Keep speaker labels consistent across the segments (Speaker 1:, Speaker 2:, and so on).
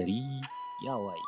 Speaker 1: عسكري يا وي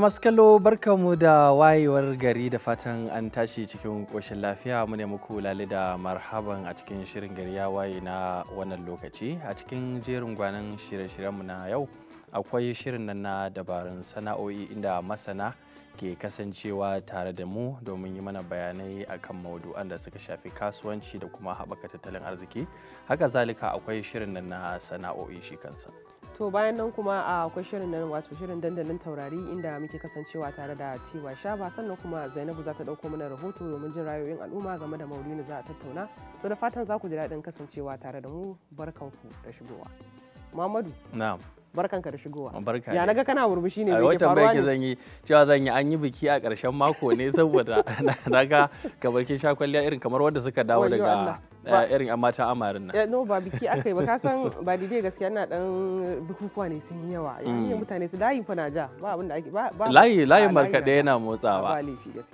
Speaker 2: masu kallo barkamu da wayewar gari da fatan an tashi cikin koshin lafiya muna ne muku lalle da marhaban a cikin shirin gari ya waye na wannan lokaci a cikin jerin gwanan shirye-shiryenmu na yau akwai shirin nan na dabarun sana'o'i inda masana ke kasancewa tare da mu domin yi mana bayanai akan maudu'an da suka shafi kasuwanci da kuma haɓaka tattalin arziki haka zalika akwai shirin nan na sana'o'i shi kansa.
Speaker 3: to bayan nan kuma a akwai shirin nan wato shirin dandalin taurari inda muke kasancewa tare da cewa sha ba sannan kuma zainabu za ta ɗauko mana rahoto domin jin rayoyin al'umma game da maulidi za a tattauna to da fatan za ku ji daɗin kasancewa tare da mu barkanku da shigowa muhammadu na'am barkanka da shigowa barka ya naga kana murmushi ne wata barki zan
Speaker 2: yi cewa zan yi an yi biki a ƙarshen mako ne saboda naga kamar kin sha kwalliya irin kamar wanda suka dawo daga irin amma mata amarin nan eh, no
Speaker 3: ba biki aka yi ba ka san ba dide gaskiya ina dan bukukuwa ne sun yi yawa yanzu mm. mutane su layin fa na ja ba abin da ake ba layi layin markaɗe yana motsawa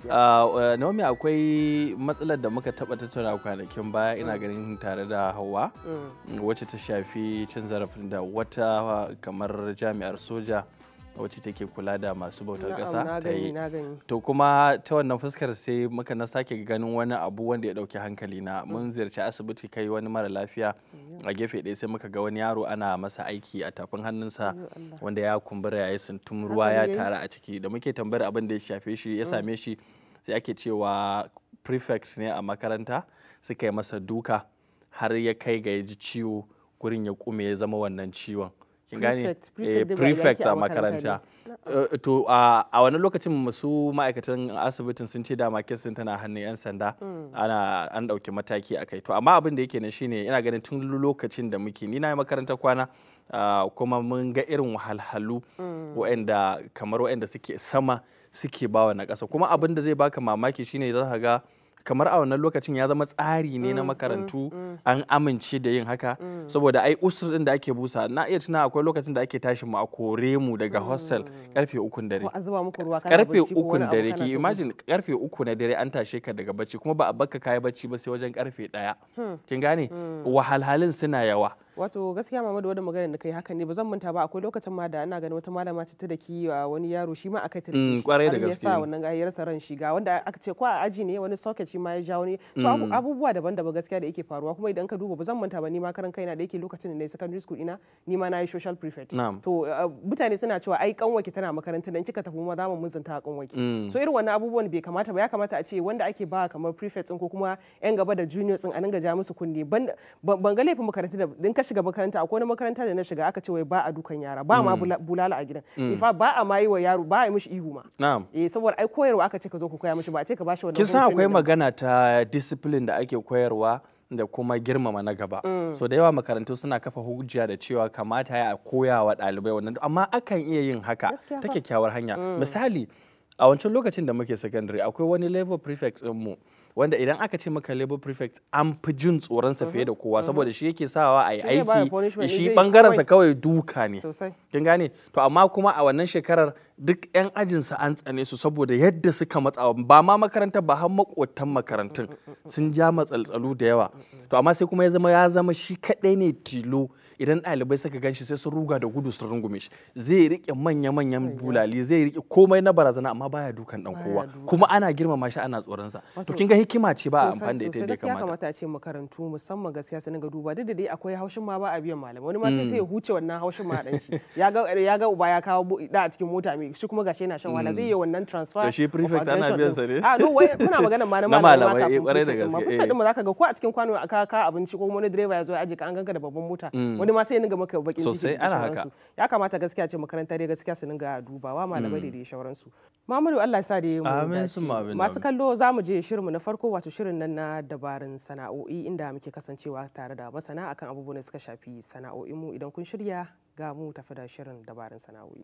Speaker 2: ah, eh, Naomi akwai matsalar da muka taɓa tattauna kwanakin baya ina mm. ganin tare da Hauwa mm. wacce ta shafi cin zarafin da wata kamar jami'ar soja wacce take kula da masu bautar ƙasa ta yi to kuma ta wannan fuskar sai muka na sake ganin wani abu wanda ya ɗauki hankali na mun mm. ziyarci asibiti kai wani mara lafiya mm. a gefe ɗaya sai muka ga wani yaro ana masa aiki a tafin hannunsa wanda ya kumbura ya yi suntum ruwa ya tara a ciki da muke tambayar abin da ya shafe shi ya mm. same shi sai ake cewa prefect ne a makaranta suka yi masa duka har ya kai ga ya ji ciwo gurin ya kume ya zama wannan ciwon kin gane prefect eh, a makaranta eh, to a wani lokacin masu ma'aikatan asibitin sun ce da dama kesin tana hannun 'yan sanda mm. ana an ɗauki mataki a kai to amma abin da yake nan shine ina ganin tun lokacin da muke ni na makaranta kwana kuma mun ga irin wahalhalu mm. wa'anda kamar wa'anda suke sama suke bawa na kasa kuma abin da zai baka mamaki shine za ka ga kamar a wannan lokacin ya zama tsari ne na mm, mm, makarantu mm. an amince da yin haka saboda ai usur din da ake busa na iya tuna akwai lokacin da ake tashi mu a kore mu daga hostel karfe ukun dare
Speaker 3: karfe ukun dare ki imagine
Speaker 2: karfe uku na dare an tashe ka daga bacci kuma ba a bakka kai bacci ba sai wajen karfe daya hmm. kin gane hmm. wahalhalin suna yawa
Speaker 3: wato gaskiya mamadu wadda magana da kai hakan ne ba zan manta ba akwai lokacin ma da ana ganin wata malama ce ta da ki wani yaro shi ma aka tare kwarai mm, da gaske yasa wannan ya rasa ran shi ga wanda aka ce ko a aji ne wani socket shi ma ya ja wani so mm. abubuwa daban-daban gaskiya da yake faruwa kuma idan ka duba ba zan manta ba ni ma karan kaina da yake lokacin da na secondary school ina ni ma na yi social prefect to mutane suna cewa ai kanwaki tana makaranta dan kika tafi ma za mu muzunta kanwaki mm. so irin wannan abubuwan bai kamata ba ya kamata a ce wanda ake ba kamar prefect ko kuma yan gaba da juniors din a dinga ja musu kunne ban ga laifin makaranta da shiga makaranta akwai wani makaranta da na shiga aka ce wai ba a dukan yara ba ma mm. bulala a gidan mm. ifa ba a mai wa yaro ba a yi mishi ihu ma na'am eh saboda ai koyarwa aka ce ka zo ku koya mishi ba a ce ka bashi
Speaker 4: wannan kisa akwai magana
Speaker 2: ta discipline da ake koyarwa da kuma girmama na gaba mm. so da yawa makarantu suna kafa hujja da cewa kamata ya koya wa ɗalibai wannan amma akan iya yin haka ta kyakkyawar hanya misali a wancan lokacin da muke secondary akwai wani level prefect ɗinmu mu wanda idan aka ce maka labor prefect an fi jin tsoronsa uh-huh. fiye da kowa uh-huh. saboda shi yake sawa a yi aiki shi bangarensa kawai duka ne kin gane to amma kuma a wannan shekarar duk 'yan ajinsa an tsane su saboda yadda suka matsa ba ma makarantar ba har makwatan makarantun sun ja matsaltsalu da yawa to amma sai kuma ya zama ya zama shi kadai ne tilo idan ɗalibai suka ganshi sai su ruga da gudu su rungume shi zai rike manya-manyan bulali zai rike komai na barazana amma baya dukan dan kowa kuma ana girmama shi ana tsoron sa to kin ga hikima ce ba amfani da ita da kamata kamata
Speaker 3: ce makarantu musamman gaskiya sai ga duba duk da dai akwai haushin ma ba a biyan malamai wani ma sai mm. sai ya huce wannan haushin ma dan shi ya ga ya ga uba ya kawo da a cikin mota mai shi kuma gashi yana shan wala mm. zai yi wannan transfer to shi prefect ana biyan sa ne a no wai kuna magana ma na malamai eh kwarai da gaske eh kuma zaka ga ko a cikin kwano aka ka abinci ko wani driver ya zo ya aje ka an ganka da babban mota mm. wani ma sai ninga maka bakin ciki sosai ana ya kamata gaskiya ce makaranta dai gaskiya su ninga dubawa malamai da su Mamadu Allah sa da mu masu kallo za mu je mu na farko wato shirin nan na dabarun sana'o'i inda muke kasancewa tare da masana akan abubuwan da suka shafi sana'o'in mu idan kun shirya ga mu tafi da shirin dabarun sana'o'i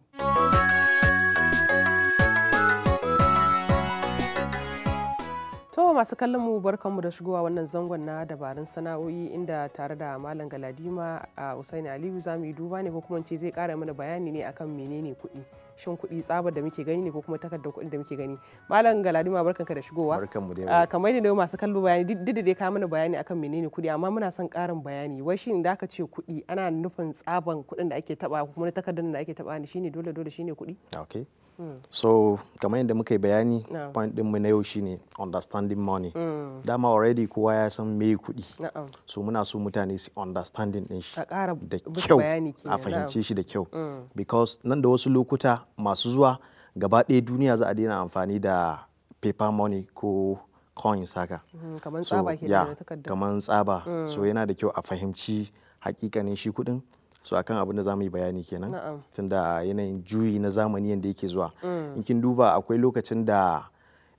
Speaker 3: To masu kallon mu barkanmu da shigowa wannan zangon na dabarun sana'o'i inda tare da Malam Galadima a Usaini Aliyu zamu yi duba ne ko kuma ce zai kara mana bayani ne akan menene kuɗi. shin kuɗi tsabar da muke gani ne ko kuma takardar kuɗin da muke gani malam galadima ka da shigowa
Speaker 5: barkanmu dai ah,
Speaker 3: kamar yadda masu kallo bayani duk da dai ka mana bayani akan menene kuɗi amma muna son karin bayani wai shin da aka ce kuɗi ana nufin tsaban kuɗin da ake taba kuma takardar da ake taba ne shine dole dole shine kuɗi okay hmm.
Speaker 5: so kamar yadda muka yi bayani no. point mu na yau shine understanding money
Speaker 3: hmm. dama
Speaker 5: already kowa ya san me kuɗi no. so muna so mutane su understanding din shi da kyau a fahimce shi da kyau hmm. because nan da wasu lokuta masu zuwa gaba ɗaya duniya za a daina amfani da paper money ko coins haka
Speaker 3: mm, kamar tsaba ke mm.
Speaker 5: da so yana da kyau a fahimci hakikanin shi kuɗin so akan abin da za mu yi bayani kenan tunda yanayin juyi na zamani yadda yake zuwa mm. in kin duba akwai lokacin da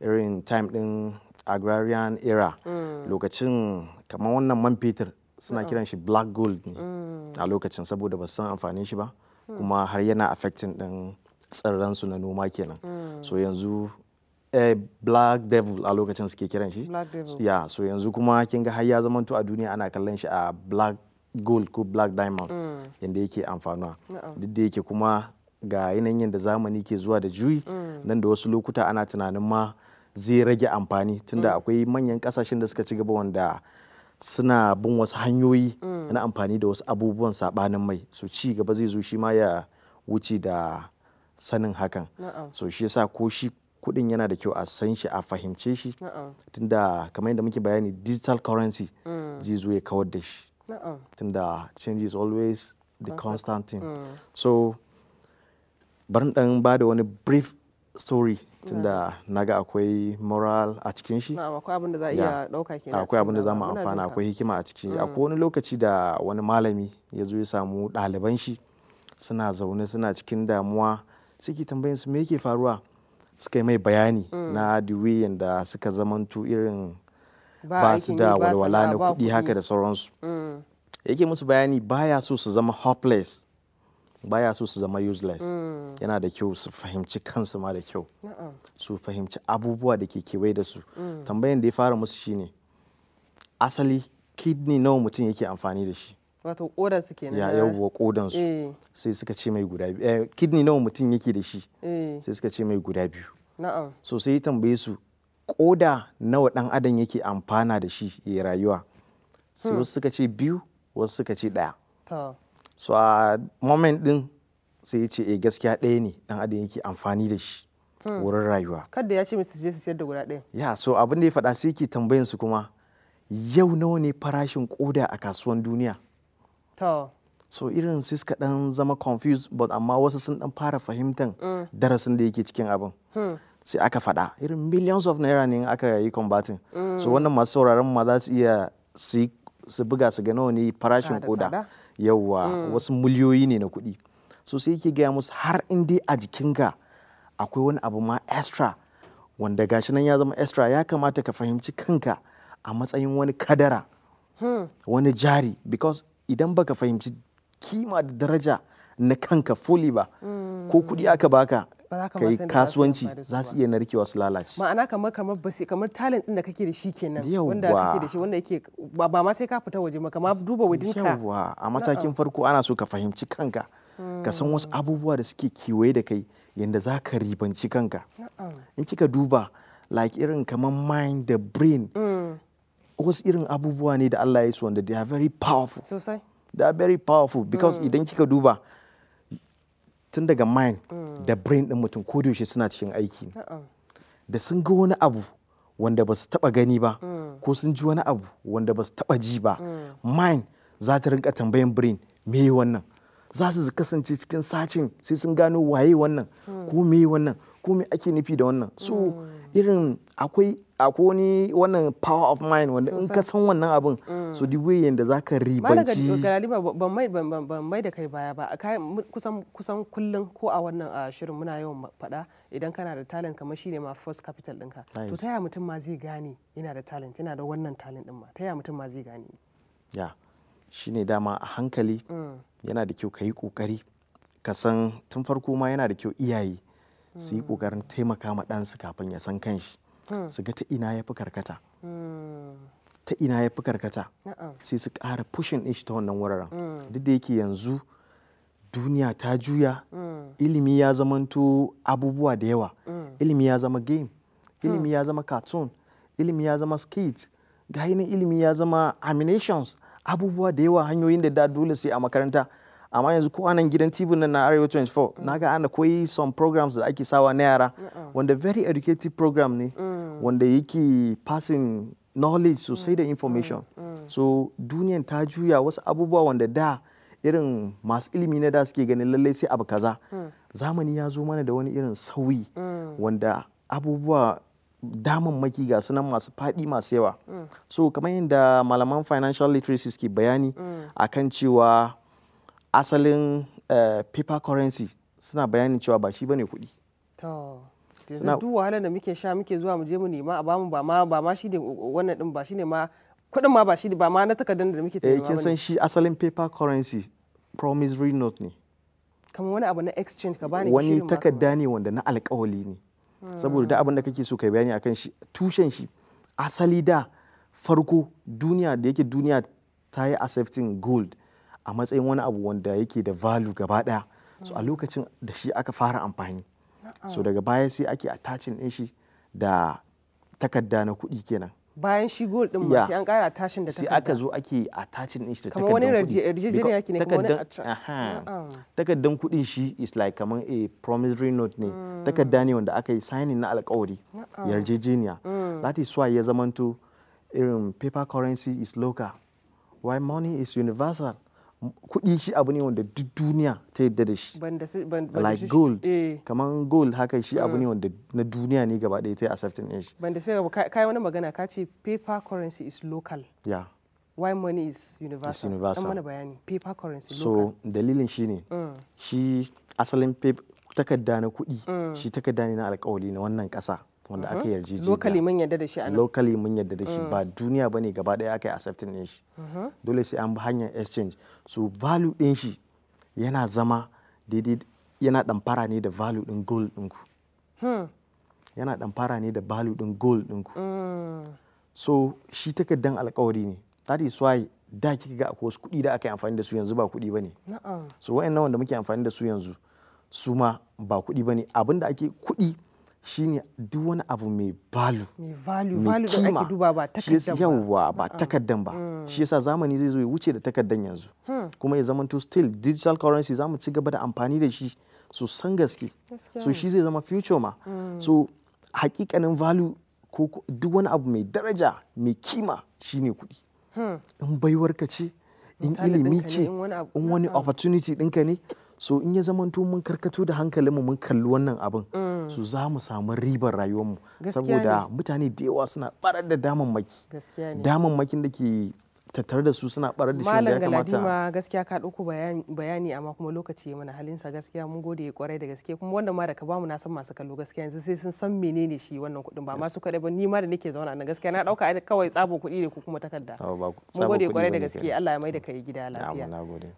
Speaker 5: irin time din agrarian era lokacin kamar wannan man fetur suna kiran shi black gold ne a lokacin saboda ba san amfanin shi ba kuma har yana affecting din tsirransu na noma kenan hmm. so yanzu eh, black devil a lokacin suke kiran shi ya so yanzu kuma kin ga har ya zamanto a duniya ana kallon shi a black gold ko black diamond hmm. yadda yake amfanuwa duk da yake kuma ga yanayin yadda zamani ke zuwa da juyi hmm. nan da wasu lokuta ana tunanin ma zai rage amfani tunda akwai manyan kasashen da suka ci gaba wanda suna bin wasu hanyoyi na amfani da wasu abubuwan sabanin mai so ci gaba zai zo shi ma ya wuce da sanin hakan so shi yasa ko shi kudin yana da kyau a san shi a fahimce shi tunda kamar yadda muke bayani digital currency mm. zai zo ya kawar da shi tunda change is always the constant thing mm. so bari dan ba da wani brief story tunda naga akwai moral a cikin shi
Speaker 3: akwai abin za mu amfana akwai
Speaker 5: hikima a cikin shi mm. akwai wani lokaci da wani malami ya zo ya samu ɗaliban shi suna zaune suna cikin damuwa suke tambayan su me yake faruwa suka yi mai bayani mm. na duwiyan da suka zamantu irin
Speaker 6: ba su da walwala na kuɗi haka da sauransu mm.
Speaker 5: yake musu bayani baya so su zama hopeless baya so su zama useless mm. yana da kyau su fahimci kansu ma da kyau su fahimci abubuwa da ke kewaye da su tambayan da ya fara musu shine asali kidney nawa mutum yake amfani da shi
Speaker 3: wato kodan su kenan ya yawwa
Speaker 5: kodan su eh. sai suka ce mai guda biyu eh, kidney nawa mutum yake da shi eh. sai suka ce mai guda biyu na'am so sai tambaye su koda nawa dan adam yake amfana da shi ya rayuwa sai hmm. wasu suka ce biyu wasu suka ce daya so a moment din sai ya ce eh gaskiya daya ne dan adam yake amfani da shi hmm. wurin rayuwa
Speaker 3: kada ya ce mr je su siyar da guda daya.
Speaker 5: ya so abin da ya faɗa sai yake tambayin su kuma yau nawa ne farashin koda a kasuwan duniya so irin su kaɗan zama confused but amma wasu sun dan fara fahimtar mm. darasin da yake cikin abin hmm. sai aka faɗa irin millions of naira ne aka yi combating mm. so wannan masu sauraron ma za su iya su buga su gano nawa ne farashin koda yawwa mm. wasu miliyoyi ne na kuɗi so sai yake gaya musu har in dai a jikinka akwai wani abu ma extra wanda gashi nan ya zama extra ya kamata ka fahimci kanka a matsayin wani kadara hmm. wani jari because idan baka fahimci kima da daraja na kanka foli ba
Speaker 7: hmm.
Speaker 3: ko kudi aka baka ka yi kasuwanci za su iya
Speaker 5: narkewa su lalace
Speaker 3: ma'ana kamar kamar basi kamar talent din da kake da shi kenan wanda kake da shi wanda yake ba ma sai ka fita waje ma kama duba wajen ka
Speaker 5: yawwa a matakin farko ana so ka fahimci kanka ka san wasu hmm. abubuwa da suke kewaye da kai yanda za ka ribanci kanka in kika duba like irin kamar mind da brain mm. wasu irin abubuwa ne da Allah ya yi su wanda they are very powerful they are very powerful because mm. idan kika duba tun daga mind mm. da brain din mutum ko yaushe suna cikin aiki da sun ga wani abu wanda ba su taba gani ba mm. ko sun ji wani abu wanda ba su taba ji ba mind za ta rinka tambayin brain me wannan za su kasance cikin sacin sai sun gano waye wannan ko me wannan ko me ake nufi da wannan so irin akwai akwai wani wannan power of mind wanda in ka san wannan abin so the mm. way yanda za ka ribanci
Speaker 3: galiba ban mai da kai baya ba kusan kusan kullum ko a wannan shirin muna yawan faɗa idan kana da talent kamar shine ma first capital ɗinka to taya mutum ma zai gane yana da talent yana da wannan talent ɗin ma taya mutum ma zai gane
Speaker 5: ya shine dama a hankali mm. yana da kyau ka yi ƙoƙari ka san tun farko ma yana da kyau iyaye
Speaker 3: su yi kokarin
Speaker 5: mm. taimaka ma ɗansu kafin ya san kanshi Hmm. su ga ta ina ya fi karkata
Speaker 6: hmm.
Speaker 5: ta ina ya fi karkata sai su ƙara pushin din shi ta wannan wuraren hmm. duk da yake yanzu duniya ta juya ilimi ya zamanto abubuwa da yawa ilimi ya zama game ilimi ya zama cartoon ilimi ya zama skit ga ilimi ya zama animations abubuwa da yawa hanyoyin da da dole sai a makaranta amma yanzu ko anan gidan tv nan na arewa 24 na ga ana koyi some programs da ake sawa na yara wanda very educative program ne mm. wanda yake passing knowledge sosai da mm. information mm. so duniyan ta juya wasu abubuwa wanda da irin masu ilimi na da suke ganin lallai sai abu kaza zamani ya zo mana da wani irin sauyi wanda abubuwa damammaki ga sunan masu faɗi masu yawa so kamar yadda malaman financial literacy suke bayani akan cewa asalin eh, paper currency suna bayanin cewa ba shi bane kuɗi
Speaker 3: yanzu duk wahalar da muke sha muke zuwa mu je mu nema a bamu ba ma ba ma shi ne uh, wannan din ba shi ne ma kuɗin ma ba shi ba ma na takardar da muke tafiya eh, ba kin san
Speaker 5: shi asalin paper currency promissory note ne
Speaker 3: kamar wani abu na exchange ka bani wani takarda
Speaker 5: ne wanda na alƙawali ne hmm. saboda duk abin da kake so kai bayani akan shi tushen shi asali da farko duniya da yake duniya ta yi accepting gold a matsayin wani abu wanda yake da value gaba daya so a mm. lokacin da shi aka fara amfani so daga baya sai ake attaching din shi da takarda na kuɗi kenan
Speaker 3: bayan shi gold din ma sai an kara attaching da takarda sai aka zo
Speaker 5: ake attaching din shi da takarda kuɗi kamar wani yarjejeniya ke ne kamar wani takardan kuɗin shi is like kamar a promissory note ne mm. takarda ne wanda aka yi signing na alƙawari yarjejeniya mm. that is why ya zamanto irin paper currency is local why money is universal kudi shi abu ne wanda duk duniya ta yadda da shi
Speaker 3: like gold eh.
Speaker 5: kamar gold haka shi abu ne mm. wanda na duniya ne gaba ɗaya ta yi accepting ɗin shi
Speaker 3: banda sai kai wani magana ka ce paper currency is local Ya. why money is universal is universal mana bayani paper currency local. so
Speaker 5: dalilin shi ne mm. shi asalin takarda na kuɗi mm. shi takarda ne na alƙawari na wannan ƙasa wanda uh-huh. aka yarji locally mun yarda da shi a locally mun yarda da shi mm. ba duniya bane gaba daya aka yi accepting din shi uh-huh. dole sai an bi hanyar exchange so value din shi yana zama daidai yana fara ne da value din gold ku hmm. yana fara ne da value din gold ku mm. so shi takardan alkawari ne that is why da kika ga akwai wasu kuɗi da aka yi amfani da su yanzu ba kuɗi bane so wa'annan wanda muke amfani da su yanzu su ma ba kuɗi bane abinda ake kuɗi shine duk wani abu mai balu
Speaker 3: mai kima yawwa ba takardan ba mm. shi
Speaker 5: yasa zamani zai zo ya wuce da takardan yanzu hmm. kuma ya zamanto still digital currency za mu ci gaba da amfani da shi so san gaske so shi zai zama future ma mm. so hakikanin value ko duk wani abu mai daraja mai kima shine kuɗi hmm. in baiwarka ce in ilimi ce in wani opportunity ɗinka ne so in ya zamanto mun karkato da hankalinmu mun kalli wannan abin mm. su za mu samu ribar rayuwarmu saboda mutane da yawa suna barar da damammaki damammakin da ke tattare da su suna barar da shi da ya kamata
Speaker 3: malam gaskiya ka dauko bayani amma kuma lokaci ya mana halinsa gaskiya mun gode kwarai da gaske kuma wannan ma da ka bamu na san masu kallo gaskiya yanzu sai sun san menene shi wannan kuɗin ba masu kadai ba ni ma da nake zauna nan gaskiya na dauka kawai tsabo kudi ne ko kuma takarda
Speaker 4: mun gode kwarai da gaske Allah
Speaker 3: ya mai da kai gida lafiya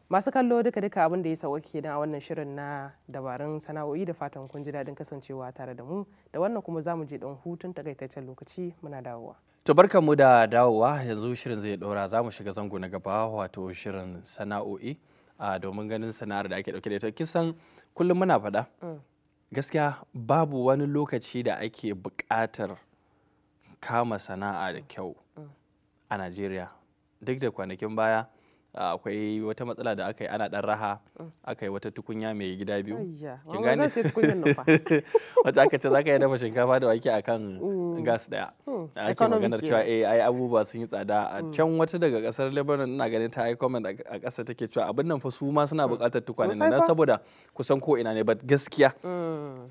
Speaker 3: masu kallo duka duka abin da ya sauka kenan a wannan shirin na dabarun sana'o'i da fatan kun ji dadin kasancewa tare da mu da wannan kuma zamu je dan hutun takaitaccen lokaci muna dawowa.
Speaker 2: To mu da dawowa yanzu shirin zai ɗora za mu shiga zango na gaba wato shirin sana'o'i ah, domin ganin sana'ar da ake ɗauke da ita kisan kullum muna faɗa mm. gaskiya babu wani lokaci da ake buƙatar kama sana'a da kyau mm. a Najeriya duk da kwanakin baya Ah, akwai wata matsala da aka yi ana dan raha aka yi wata tukunya mai gida biyu kin gane wata aka ce zaka yi dafa shinkafa da wake akan mm. gas daya hmm, ake maganar cewa eh ai abubuwa sun yi tsada a hmm. can wata daga kasar Lebanon ina ganin ta yi comment a kasa take cewa abin nan fa su ma suna hmm. buƙatar tukwane nan saboda kusan ko ina ne but gaskiya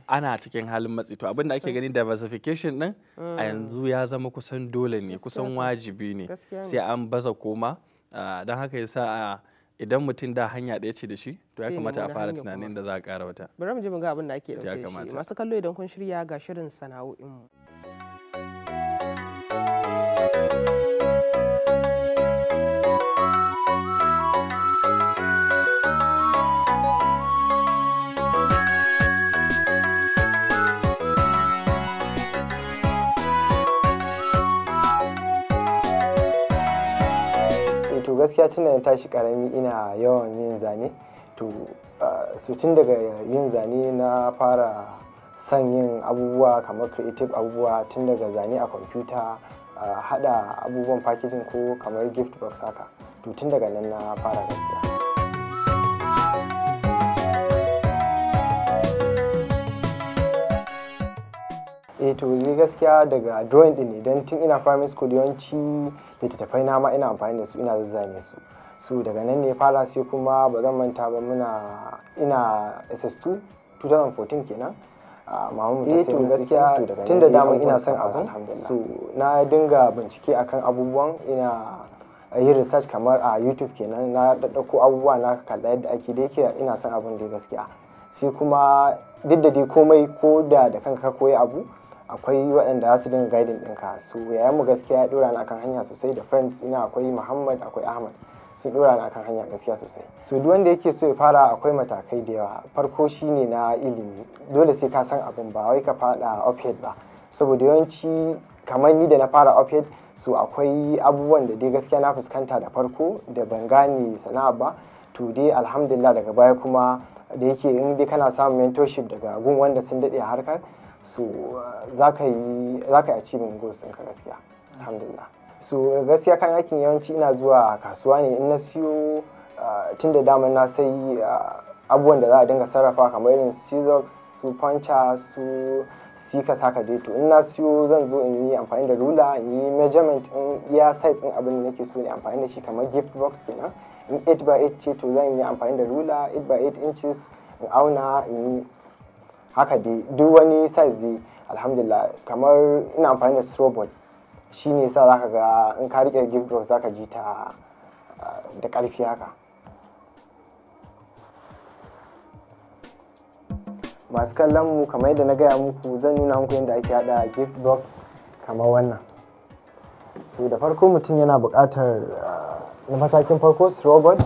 Speaker 2: ana cikin halin matsi to abin da ake gani diversification din a yanzu ya zama kusan dole ne kusan wajibi ne sai an baza koma Ah, don haka ya sa ah, idan mutum da hanya ɗaya ce da shi to ya kamata a fara tunanin da za a ƙara wata bari
Speaker 3: mu je mu ga abin da ake ɗauke shi masu kallo idan kun shirya ga shirin sana'o'in mu
Speaker 6: gaskiya tun da na tashi karami ina yawan yin zane to su tun daga yin zane na fara son yin abubuwa kamar creative abubuwa tun daga zane a kwamfuta hada abubuwan packaging ko kamar gift box haka to tun daga nan na fara gaskiya eh to ni gaskiya daga drawing din ne don tun ina primary school yawanci littattafai na ma ina amfani da su ina zazzane su su daga nan ne fara sai kuma ba zan manta ba muna ina ss2 2014 kenan ah, mamu ta eh, sai gaskiya tun da dama ina son abu su na dinga bincike akan abubuwan ina yi research kamar a youtube kenan na daddako abubuwa na kalla yadda ake da yake ina son abun da gaskiya sai kuma duk da dai komai ko da da kanka ka koyi abu akwai waɗanda za su dinga guiding ɗinka su yayan mu gaskiya ya ɗora ni akan hanya sosai da friends ina akwai muhammad akwai ahmad sun ɗora ni akan hanya gaskiya sosai su duk wanda yake so ya fara akwai matakai da yawa farko shine na ilimi dole sai ka san abin ba wai ka faɗa ophead ba saboda yawanci kamar ni da na fara ophead su akwai abubuwan da dai gaskiya na fuskanta da farko da ban gane sana'a ba to dai alhamdulillah daga baya kuma da yake in dai kana samun mentorship daga gun wanda sun daɗe a harkar so uh, za ka yi achieving goals ɗinka gaskiya alhamdulillah so uh, gaskiya kan aikin yawanci ina zuwa kasuwa ne in na siyo uh, tun da damar na sai abubuwan da za a dinga sarrafa kamar irin sizox su puncher su sika saka dai to in na siyo zan zo in yi amfani da rula in yi measurement in iya size din abin da nake so ne amfani da shi kamar gift box kenan in 8 by 8 ce to zan yi amfani da rula 8 by 8 inches in auna in yi haka dai duk wani size dai alhamdulillah kamar ina amfani da strobot shine ne sa zaka ga in ka rike gift box zaka ji ta ah, da ƙarfi haka masu kallon mu kamar yadda na gaya muku zan nuna muku yadda ake hada gift box kamar wannan so da farko mutum yana buƙatar ah, na matakin farko strobot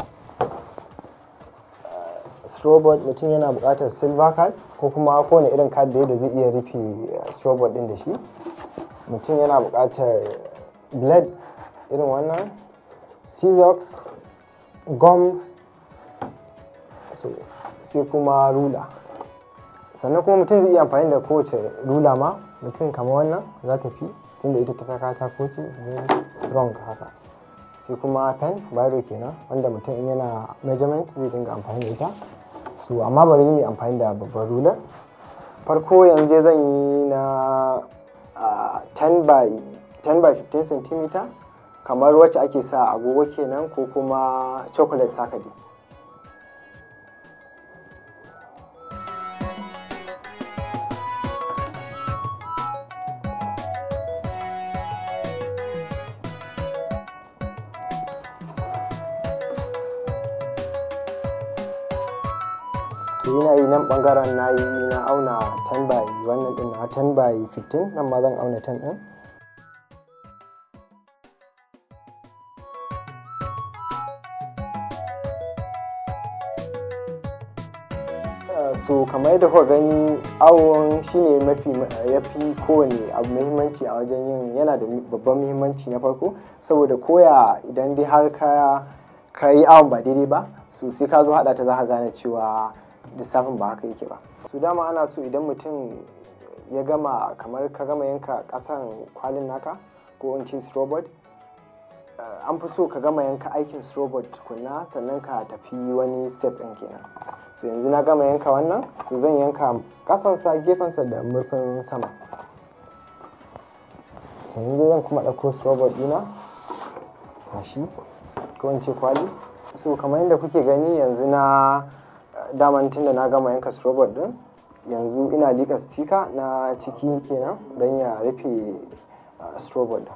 Speaker 6: strobot mutum yana buƙatar silver card ko kuma kowane irin card da zai iya rufe eh, strobot ɗin da shi mutum yana buƙatar blade irin wannan scissors gum so sai kuma rula sannan kuma mutum zai iya amfani da kowace rula ma mutum kama wannan za ta fi inda ita ta ta ko ce strong haka sai kuma pen biro kenan wanda mutum in yana measurement zai dinga amfani da ita su amma bari mu amfani da babbar rular farko yanzu zan yi na 10 by 15 cm kamar wacce ake sa agogo kenan ko kuma chocolate sakadi bangaren na yi na auna 10 by wannan din na 10 by 15 nan ma zan auna 10 din eh, so kamar da kuka gani awon shine mafi yafi kowane abu muhimmanci a wajen yin yana da babban muhimmanci na farko saboda koya idan dai har ka yi awon ba daidai ba so sai ka zo haɗa ta za ka gane cewa lissafin ba haka yake ba su dama ana so idan mutum ya gama kamar ka gama yanka kasan kwalin naka ko in ce eh, an fi so ka gama yanka aikin robot tukunna sannan ka tafi wani step ɗin kenan so yanzu na gama yanka wannan so zan yanka kasansa gefensa da murfin sama yanzu zan kuma ɗauko robot ɗina mashi ko in ce kwali so kamar yadda kuke gani yanzu na daman tun da na gama yanka strobot din yanzu ina lika stika na ciki kenan don ya rufe ah, strobot din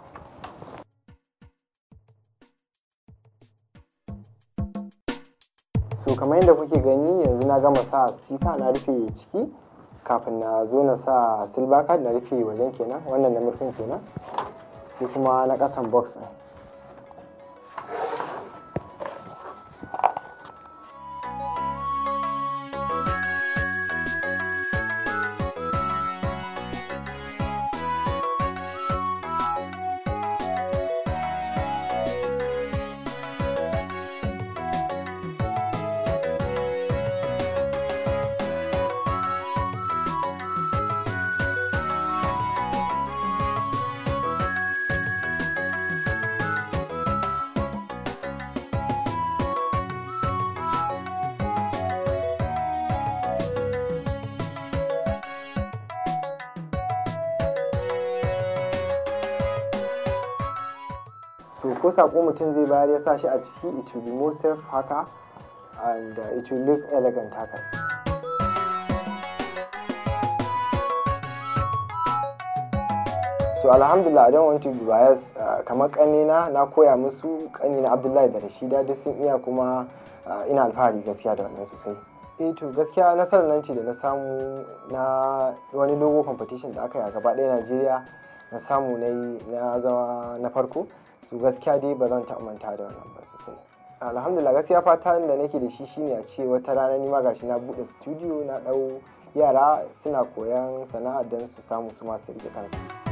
Speaker 6: so kamar yadda kuke gani yanzu na gama sa stika na rufe ciki kafin na zo na sa silver card na rufe wajen kenan wannan na murfin kenan sai kuma na kasan box ɗin sako mutum zai bayar ya sashi a ciki it will be more safe haka and uh, it will look elegant haka so alhamdulillah i don't want to be biased uh, kamar kanina na koya musu kanina abdullahi da rashida duk sun iya kuma uh, ina alfahari gaskiya da wannan sosai eh to gaskiya nasarar nan ce da na samu na wani logo competition da aka yi a gaba ɗaya najeriya na samu na zama na farko su gaskiya dai ba zan taɓa manta da wannan ba sosai alhamdulillah gaskiya fatan da nake da shi shine a ce wata rana ni ma gashi na bude studio na dau yara suna koyan sana'ar dan su samu su masu rike kansu.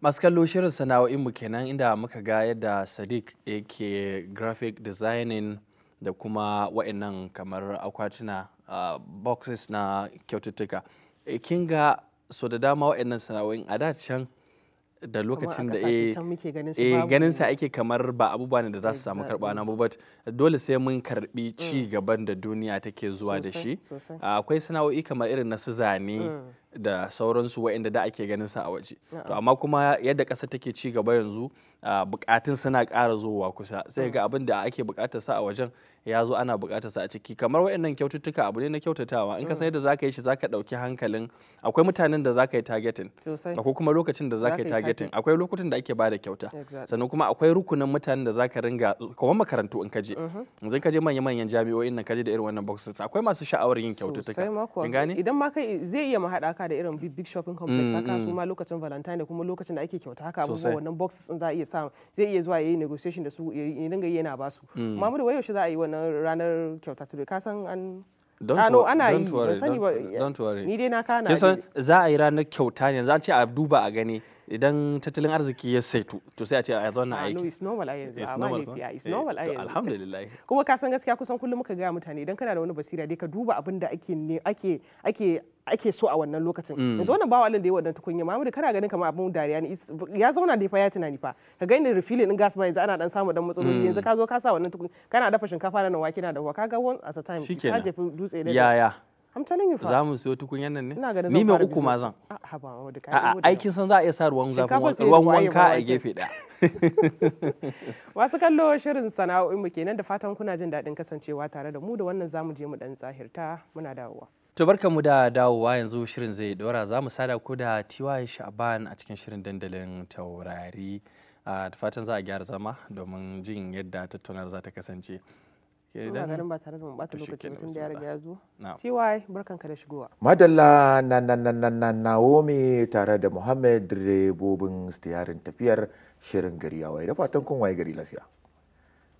Speaker 2: masu kallo shirin sana'o'inmu kenan inda muka ga yadda sadiq yake graphic designing da kuma wa'annan kamar akwatuna uh, boxes na kyaututtuka e kin ga so da dama wa'annan sana'o'in a da can da lokacin da e, ganin sa eh, ake kamar ba abubuwa ne da za su samu karba na but dole sai mun karbi ci mm. gaban da duniya take zuwa da shi akwai sana'o'i kamar irin na su zane mm. da sauransu waɗanda da ake ganin sa a waje to amma kuma yadda ƙasa take ci gaba yanzu bukatun suna ƙara zuwa kusa sai ga mm. abin da ake bukatar sa a wajen ya zo ana bukatar sa a ciki kamar waɗannan kyaututtuka abu ne na kyautatawa in ka san mm. yadda zaka yi shi zaka ɗauki hankalin akwai mutanen da zaka yi targeting akwai kuma lokacin da zaka yi targeting akwai lokutan da ake bada kyauta sannan kuma akwai rukunin mutanen da zaka ringa kamar makarantu in ka je mm-hmm. yanzu ka je manya manyan jami'o'in nan ka je da irin wannan boxes akwai masu sha'awar yin kyaututtuka in gane idan
Speaker 3: ma kai zai iya mu haɗa ka da irin big big shopping complex mm, haka mm. su ma lokacin valentine da kuma lokacin da ake kyauta haka abubuwa wannan boxes din za a iya sa zai iya zuwa yayi negotiation da su ya dinga yana ba su mm. da wai yaushe za a yi wannan ranar kyauta today ka san an Ano ah, ana yi, ban
Speaker 2: ni dai na kana. Kisan za a yi ranar kyauta ne, za a ce a duba a gani. idan tattalin arziki ya saitu to sai a ce a zauna ah, aiki. it's
Speaker 3: normal a yanzu. It's ah, normal ah, It's eh, normal a yanzu. Alhamdulillah. Kuma ka san gaskiya kusan kullum muka gaya mutane idan kana da wani basira dai ka duba abin da ake ake ake ake so a wannan lokacin mm. yanzu wannan bawa Allah da ya wannan tukunya Muhammadu kana ganin kamar abin dariya ne ya zauna da fa ya tunani fa ka ga inda refill din gas ba yanzu ana dan samu dan matsaloli mm. yanzu ka zo ka sa wannan tukunya kana dafa shinkafa da wake na da ka ga one at a time ka jefi dutse ne ya ya I'm telling you fa. Za mu
Speaker 2: siyo tukunyan nan ne? Ni mai uku ma zan.
Speaker 3: A'a, aikin
Speaker 2: san za a iya sa ruwan zafin ruwan wanka a gefe ɗaya.
Speaker 3: Wasu kallo shirin sana'o'in mu kenan da fatan kuna jin daɗin kasancewa tare da mu da wannan zamu je mu dan tsahirta muna dawowa.
Speaker 2: To barka mu da dawowa yanzu shirin zai dora za mu sada ku da TY Sha'ban a cikin shirin dandalin taurari. Ah, da fatan za a gyara zama domin jin yadda tattaunar za ta kasance. tare da
Speaker 8: madalla na na na na na naomi tare da muhammad rebobin stiyarin tafiyar shirin gari ya waye da fatan kun waye gari lafiya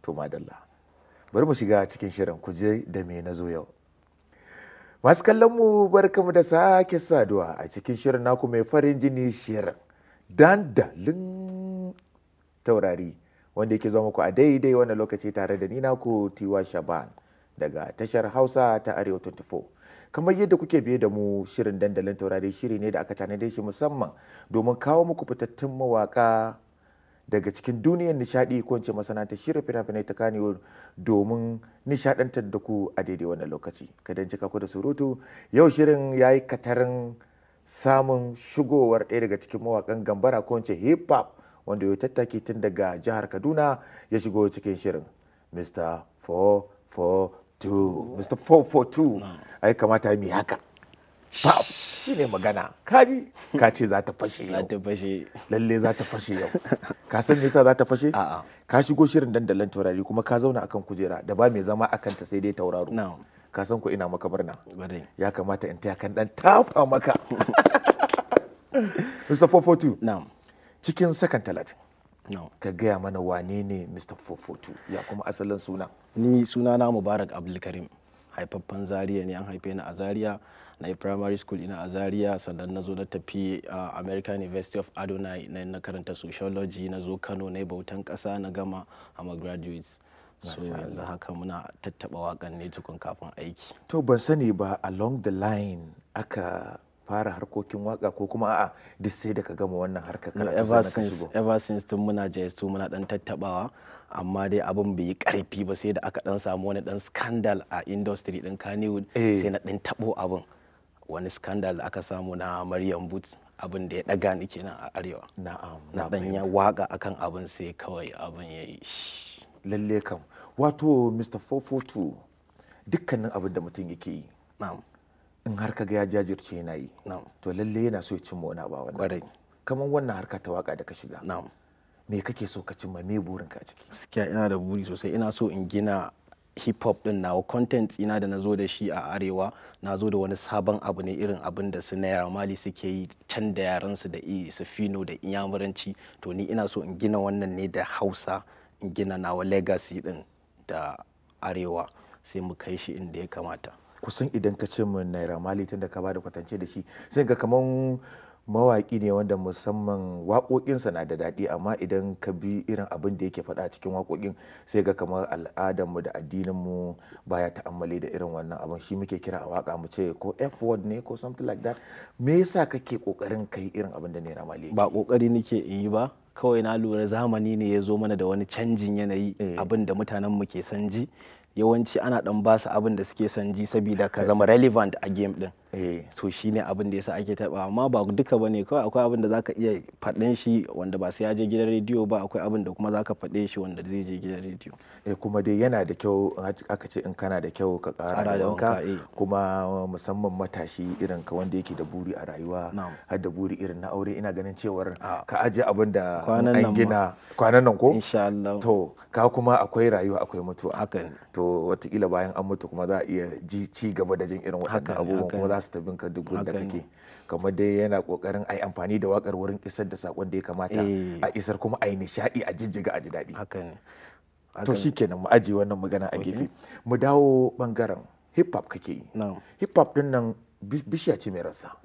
Speaker 8: to madalla bari mu shiga cikin shirin je da me na zo yau masu kallon mu barka mu da sake saduwa a cikin shirin naku mai farin jini shirin dandalin taurari wanda yake zama ku a daidai wannan lokaci tare da ni ku Tiwa Shaban daga tashar Hausa ta Arewa 24. Kamar yadda kuke biye da mu shirin dandalin taurari shiri ne da aka tanade shi musamman domin kawo muku fitattun mawaka daga cikin duniyar nishadi ko ce masana'antar shirin fina-finai ta kaniyo domin nishadantar da ku a daidai wannan lokaci. Kadan cika ku da surutu yau shirin ya yi katarin samun shigowar ɗaya daga cikin mawakan gambara ko ce hip hop wanda ya tattaki tun daga jihar kaduna ya shigo cikin shirin mr 442 mr 442 ai kamata mai haka pap shi ne magana kaji ka ce za ta fashe yau lalle za ta fashe yau ka san yasa za ta fashe ka shigo shirin dandalin taurari kuma ka zauna akan kujera da ba mai zama akan ta sai dai tauraro ka san ku ina maka murna ya kamata in taya kan dan tafa maka Mr. 442 na'am cikin sakan talatin ka gaya mana wane ne mr 442
Speaker 9: ya kuma asalin suna ni suna na mubarak abdulkarim haifaffen zaria ne an haife ni a zaria na yi primary school ina a zaria sannan na zo na tafi a uh, american university of adonai na na karanta sociology na zo kano na yi bautan kasa na gama ama graduates so yanzu haka muna tattaba wakan ne tukun kafin aiki
Speaker 8: to ban sani ba along the line aka fara harkokin waka ko kuma a'a duk sai da ka gama
Speaker 9: wannan harkar kana ever since tun muna su muna dan tattabawa amma dai abin bai yi karfi ba sai da aka dan samu wani dan scandal a industry din Kannywood eh. sai na dan tabo abin wani scandal da aka samu na Maryam Boots abin da ya daga ni kenan a arewa na'am na dan ya waka akan abin sai kawai abin yayi lalle
Speaker 8: kam wato Mr 442 dukkanin abin da mutum yake yi in har ka ga ya jajirce yana yi to lalle yana so ya cimma wani abu wannan kamar wannan harka ta waka da ka shiga me kake so ka cimma me burin ka ciki gaskiya ina da buri
Speaker 9: sosai ina so in gina hip hop din nawa content ina da nazo da shi a arewa na zo da wani sabon abu ne irin abin da su naira mali suke yi can da yaran su da su fino da inyamuranci to ni ina so in gina wannan ne da hausa in gina nawa legacy
Speaker 8: din da arewa sai mu kai shi inda ya kamata kusan idan ka ce min naira mali tun da ka bada kwatance da shi sai ga kaman mawaƙi ne wanda musamman waƙoƙinsa na da daɗi amma idan ka bi irin abin da yake faɗa cikin waƙoƙin sai ga kamar al'adarmu da addininmu baya ta'ammali da irin wannan abin shi muke kira a waƙa mu ce ko f word ne ko something like that me yasa kake kokarin kai irin abin da naira mali ba
Speaker 9: ƙoƙari nake in yi ba kawai na lura zamani ne ya zo mana da wani canjin yanayi eh. abin da mutanen mu ke san ji yawanci ana dan basu su abin da suke son ji saboda ka zama relevant a game din Eh, so shi ne abin da yasa ake taba amma ba duka bane kawai akwai abin da zaka iya faɗin shi wanda ba sai ya je gidan rediyo ba akwai abin da kuma zaka faɗe shi wanda zai je gidan rediyo
Speaker 8: eh kuma dai yana da kyau aka ce in kana da kyau ka ƙara da wanka eh. kuma musamman matashi irin ka wanda yake da buri a rayuwa har da buri irin na aure ina ganin cewar ah. ka aje abin da an gina kwanan nan ko insha Allah to ka kuma akwai rayuwa akwai mutuwa to watakila bayan an mutu kuma za a iya ji ci gaba da jin irin waɗannan abubuwan kuma za su tabin ka duk da kake kamar dai yana kokarin ai amfani da wakar wurin isar da sakon da ya kamata eh. a isar kuma ai nishadi a jijjiga a ji daɗi to shikenan mu aje wannan magana a gefe mu dawo bangaren hip hop kake yi hip hop din nan bishiya ce mai rasa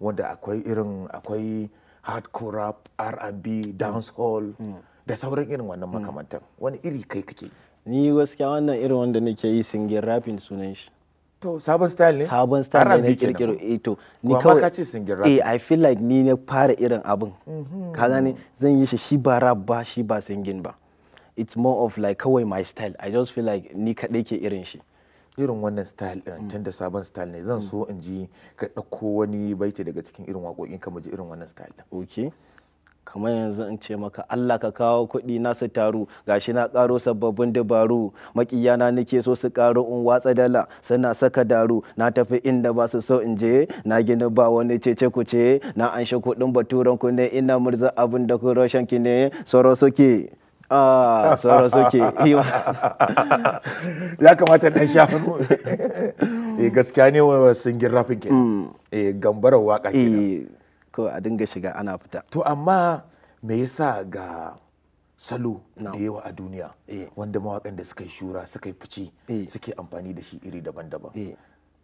Speaker 8: wanda akwai irin akwai hardcore rap R&B dancehall mm. mm. da sauran irin wannan mm. makamantan wani iri kai kake
Speaker 9: ni gaskiya wannan irin wanda nake yi singin rapping sunan shi
Speaker 8: to sabon style ne sabon style ne na kirkiro eh
Speaker 9: to ni kawai ka ce singin rap eh i feel like ni ne fara irin abin mm-hmm. ka gane zan yi shi shi ba rap ba shi ba singing ba it's more of like kawai
Speaker 8: my style i just feel like ni kadai ke irin shi irin wannan style din mm. tun da sabon style ne zan mm. so in ji ka dauko wani baiti daga cikin irin waƙoƙin ka mu ji irin wannan style din okay
Speaker 9: kamar yanzu in ce maka Allah ka kawo kuɗi na su taru gashi na ƙaro sababbin dabaru makiyana nake so su ƙaro in watsa dala suna saka daru na tafi inda ba su so in je na gina ba wani cece ku ce na an shi kuɗin baturan ku ne ina murza abin da ku rashin ki ne soro suke
Speaker 10: ah soro suke
Speaker 8: ya kamata shafa eh, gaskiya ne wa singin ke mm. eh gambarar waka eh. kenan kawai a dinga shiga ana fita to amma me yasa ga salo no. da yawa a duniya eh. wanda mawakan da suka yi shura suka yi fice eh. suke amfani da shi iri daban-daban eh.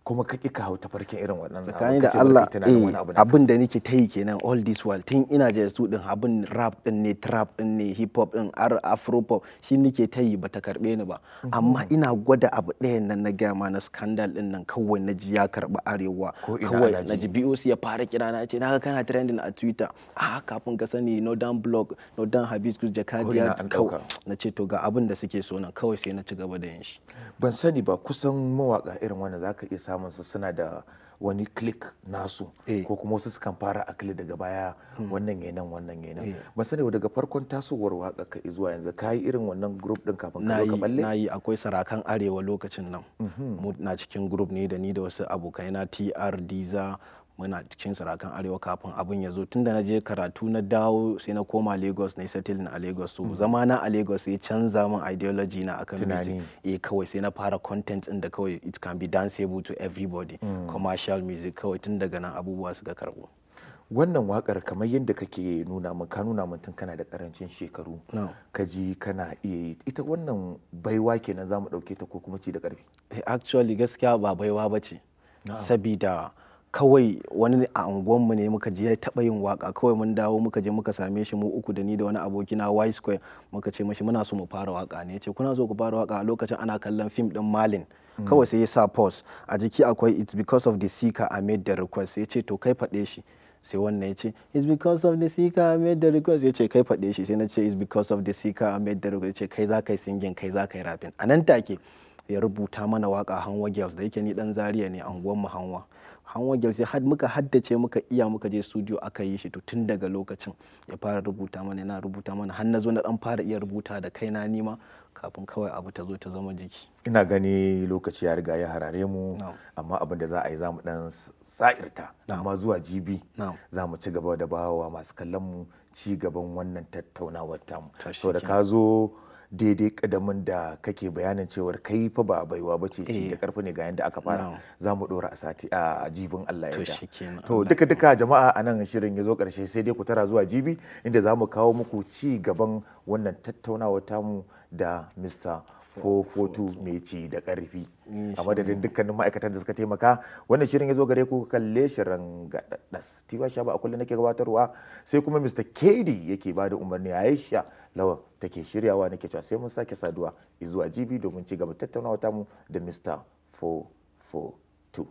Speaker 8: kuma ka ka hau tafarkin irin waɗannan tsakanin da Allah eh, abin
Speaker 9: da nake ta yi kenan all this while tun ina je su din abin rap din ne trap din ne hip hop din afro pop shi nake ta yi bata karbe ni ba mhm. amma ina gwada abu ɗaya nan na gaya ma na scandal din nan kawai na ji ya karba arewa kawai na ji BOC ya fara kira na ce naga kana trending a Twitter a ah, kafin ka sani northern block northern hibiscus jakadiya na ce to ga abin da suke so
Speaker 8: nan kawai sai na ci gaba da yin shi ban sani ba kusan mawaka irin wannan zaka iya samun su suna da wani click nasu eh. ko kuma wasu sukan fara a daga baya hmm. wannan ya nan wannan ya nan eh. ba sani daga farkon tasowar waka ka zuwa yanzu ka yi irin wannan group din kafin ka ka balle na yi
Speaker 9: akwai sarakan arewa lokacin nan mhm. na cikin group ne da ni da wasu abokai na TR Diza muna cikin sarakan arewa kafin abin ya zo tunda na je karatu na dawo sai na koma lagos na settling a lagos so mm. zama na a lagos ya canza min ideology na akan music eh kawai sai na fara content din da kawai it can be danceable to everybody mm.
Speaker 8: commercial music kawai tun daga nan abubuwa suka karbo wannan wakar kamar yadda kake nuna min ka nuna min tun kana da karancin shekaru ka ji kana iya yi ita wannan baiwa kenan zamu dauke ɗauke ta ko kuma ci da ƙarfi eh, actually gaskiya ba baiwa bace ce
Speaker 9: sabida kawai wani a unguwanmu ne muka je ya taɓa yin waka kawai mun dawo muka je muka same shi mu uku da ni da wani aboki na y square muka ce mashi muna so mu fara waka ne ya ce kuna so ku fara waka a lokacin ana kallon fim din malin mm. kawai sai ya sa pause a jiki akwai it's because of the seeker i made the request ya ce to kai faɗe shi sai wannan ya ce it's because of the seeker I made the request ya ce kai faɗe shi sai na ce it's because of the seeker I made the request ya ce kai za ka singing kai za ka yi rapping a nan take ya rubuta mana waka hanwa girls da yake ni dan zaria ne anguwan mu hanwa hanwa girls ya had muka haddace muka iya muka je studio aka yi shi to tun daga lokacin ya fara rubuta mana yana rubuta mana har na zo na dan fara iya rubuta da kaina nima kafin kawai abu ta zo ta zama jiki
Speaker 8: ina gani lokaci ya riga ya harare mu amma abin da za a yi za mu dan sa'irta amma zuwa jibi za mu ci gaba da bawa masu kallon mu ci gaban wannan tattaunawar tamu saboda ka zo daidai kadamin da kake bayanin cewar kai fa ba baiwa ba ce da karfi eh. ne ga yadda aka fara za mu dora a sati a jibin Allah ya da to duka duka jama'a a nan shirin ya zo karshe sai dai ku tara zuwa jibi inda za mu kawo muku ci gaban wannan tattaunawa tamu da Mr. 442 mai ci da karfi a madadin dukkanin ma'aikatan da suka taimaka wannan shirin ya zo gare ku kalle shirin dadas tiwa sha ba a kullum nake gabatarwa sai kuma mr kedi yake bada umarni aisha lawan take shiryawa nake cewa sai mun sake saduwa zuwa jibi domin ci gaba tattaunawa tamu da mr 442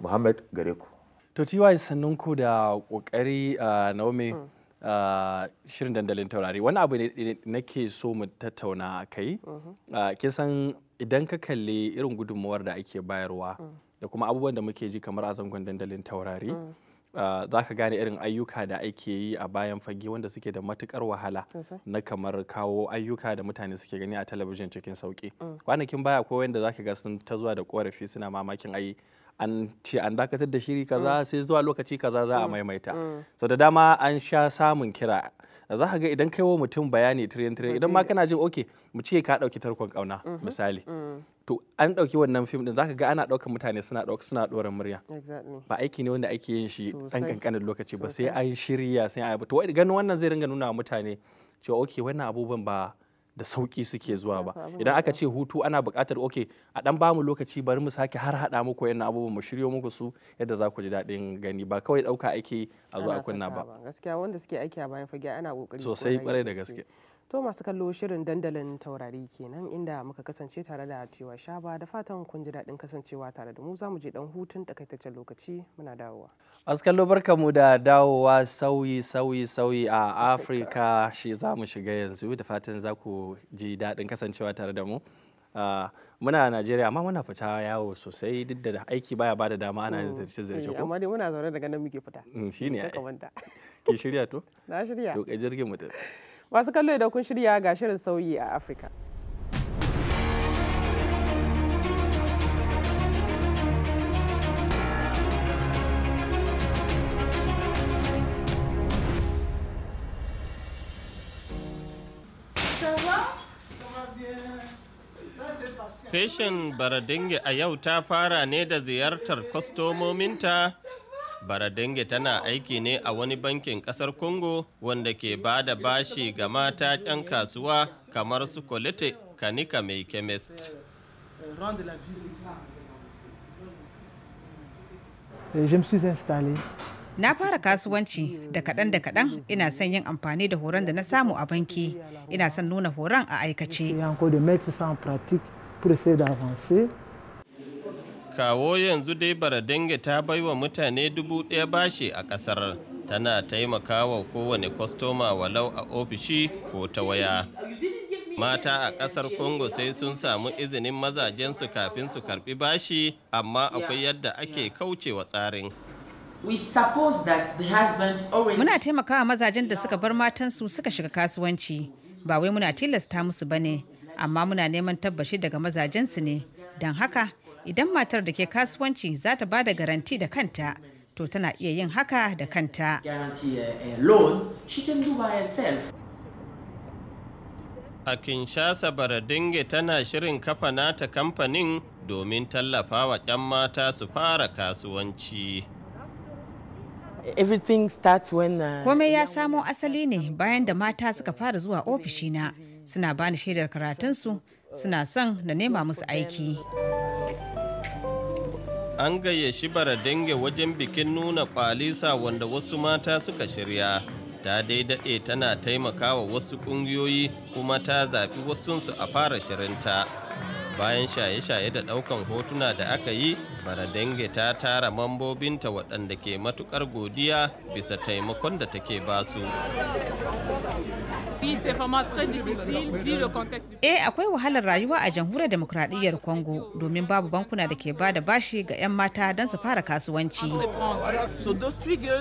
Speaker 8: muhammad Gareku. ku
Speaker 2: to tiwaye sannan ku da kokari uh, naomi mm. uh, shirin dandalin taurari wani abu ne nake so mu tattauna kai mm-hmm. uh, kin san idan ka kalli irin gudunmuwar da ake bayarwa mm. da kuma abubuwan da muke ji kamar a zangon dandalin taurari mm. za ka gane irin ayyuka da ake yi a bayan fage wanda suke da matukar wahala na kamar kawo ayyuka da mutane suke gani a talabijin cikin sauki mm. kwanakin baya ko wanda za ka ga sun ta zuwa da korafi suna mamakin ayi an ce an dakatar da shiri kaza mm. sai zuwa lokaci kaza za a mm. maimaita mm. so da dama an sha samun kira za ka ga idan kai wa mutum bayani tirin tirin idan ma mm-hmm. kana jin oke mu ce ka dauki tarkon kauna mm-hmm. misali to an dauki wannan fim din zaka ga ana daukar mutane suna dauka suna doran murya ba aiki ne wanda ake yin shi dan kankanin lokaci ba sai an shirya sai a to ganin wannan zai ringa nuna wa mutane cewa oke wannan abubuwan ba da sauki suke zuwa ba idan aka ce hutu ana buƙatar oke a dan bamu lokaci bari mu sake har hada muku yana abubuwan mu shiryo muku su yadda za ku ji daɗin gani ba kawai ɗauka ake a zuwa kunna ba
Speaker 3: gaskiya wanda suke aiki a bayan fage ana kokari sosai kwarai da gaske To masu kallo shirin dandalin taurari kenan inda muka kasance tare da cewa shaba da fatan kun ji daɗin kasancewa tare da mu za mu je ɗan hutun takaitaccen lokaci muna dawowa.
Speaker 2: Masu kallo barkamu da dawowa sauyi sauyi sauyi a Afirka shi za mu shiga yanzu da fatan za ku ji daɗin kasancewa tare da mu. muna Najeriya amma muna fita yawo sosai duk da aiki baya bada dama ana yin mm, zirce zirce eh, ko amma dai
Speaker 3: muna zaune daga nan muke fita
Speaker 2: mm, shine ai ki shirya to
Speaker 3: na shirya to ka jirgin mutum wasu kallo idan kun shirya ga shirin sauyi a Afirka.
Speaker 4: Feshin Baradingi a yau ta fara ne da ziyartar kwastomominta Baradenge tana aiki ne a wani bankin kasar Congo wanda ke ba da bashi ga mata 'yan kasuwa kamar su Colette Kanika mai chemist.
Speaker 11: Na fara kasuwanci da kaɗan da kaɗan ina son yin amfani da horon da na samu a banki ina son nuna horon a aikace.
Speaker 4: kawo yanzu dai bara dinga ta baiwa mutane dubu ɗaya bashi a ƙasar tana taimakawa kowane kwastoma walau a ofishi ko ta waya mata a ƙasar congo sai sun samu izinin mazajensu kafin su karbi bashi amma akwai yadda ake kaucewa tsarin
Speaker 11: muna taimakawa mazajen da suka bar matansu suka shiga kasuwanci ba wai muna tilasta musu ba ne amma muna neman tabbashi daga mazajensu ne don haka idan matar da ke kasuwanci za ta ba da garanti da kanta to tana iya yin haka da kanta
Speaker 4: a kinshasa baradinge tana shirin kafa nata kamfanin domin tallafa wa 'yan mata su fara kasuwanci
Speaker 11: uh, komai ya samo asali ne bayan da mata suka fara zuwa ofishina suna bani shaidar karatunsu suna son na nema musu aiki.
Speaker 4: an gayyaci baradange wajen bikin nuna kwalisa wanda wasu mata suka shirya ta dai daɗe tana taimakawa wasu ƙungiyoyi kuma ta zaɓi wasunsu a fara shirinta bayan shaye-shaye da ɗaukan hotuna da aka yi baradange ta tara mambobinta waɗanda ke matuƙar godiya bisa taimakon da take basu.
Speaker 11: Eh akwai wahalar rayuwa a jamhuriyar demokradiyyar Congo domin babu bankuna da ke bada bashi ga 'yan mata don su fara kasuwanci.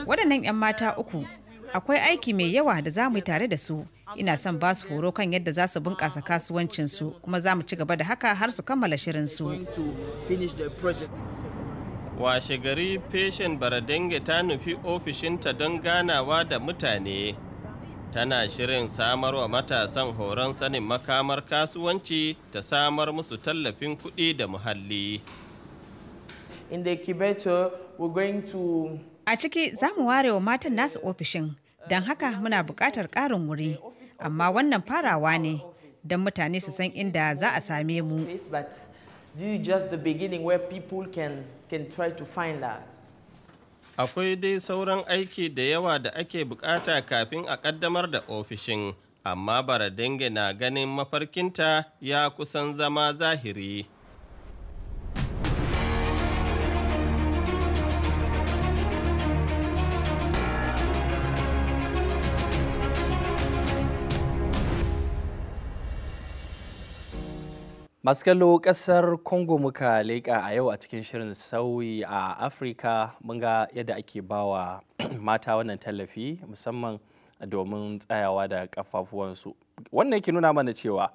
Speaker 11: Waɗannan 'yan mata uku akwai aiki mai yawa da za mu yi tare da su. Ina son ba su horo kan yadda za su bunƙasa kasuwancinsu kuma za mu ci gaba da haka har su kammala shirinsu.
Speaker 4: Washe gari Feshin Baradenge ta nufi ofishinta don ganawa da mutane. tana shirin samar wa matasan horon sanin makamar kasuwanci ta samar musu tallafin kuɗi da muhalli.
Speaker 9: In the Kibeto,
Speaker 11: we're A ciki za mu ware wa matan nasu ofishin, don haka muna buƙatar ƙarin wuri, amma wannan farawa ne don mutane su san inda za a same mu. This
Speaker 9: is just the beginning where people can, can try to find
Speaker 2: us.
Speaker 4: akwai dai sauran aiki da yawa da ake bukata kafin a kaddamar da ofishin amma bara baradenge na ganin mafarkinta ya kusan zama zahiri
Speaker 2: masu kallo kasar congo muka leƙa a yau a cikin shirin sauyi a afirka mun ga yadda ake bawa mata wannan tallafi musamman domin tsayawa da kafafuwansu wannan yake nuna mana cewa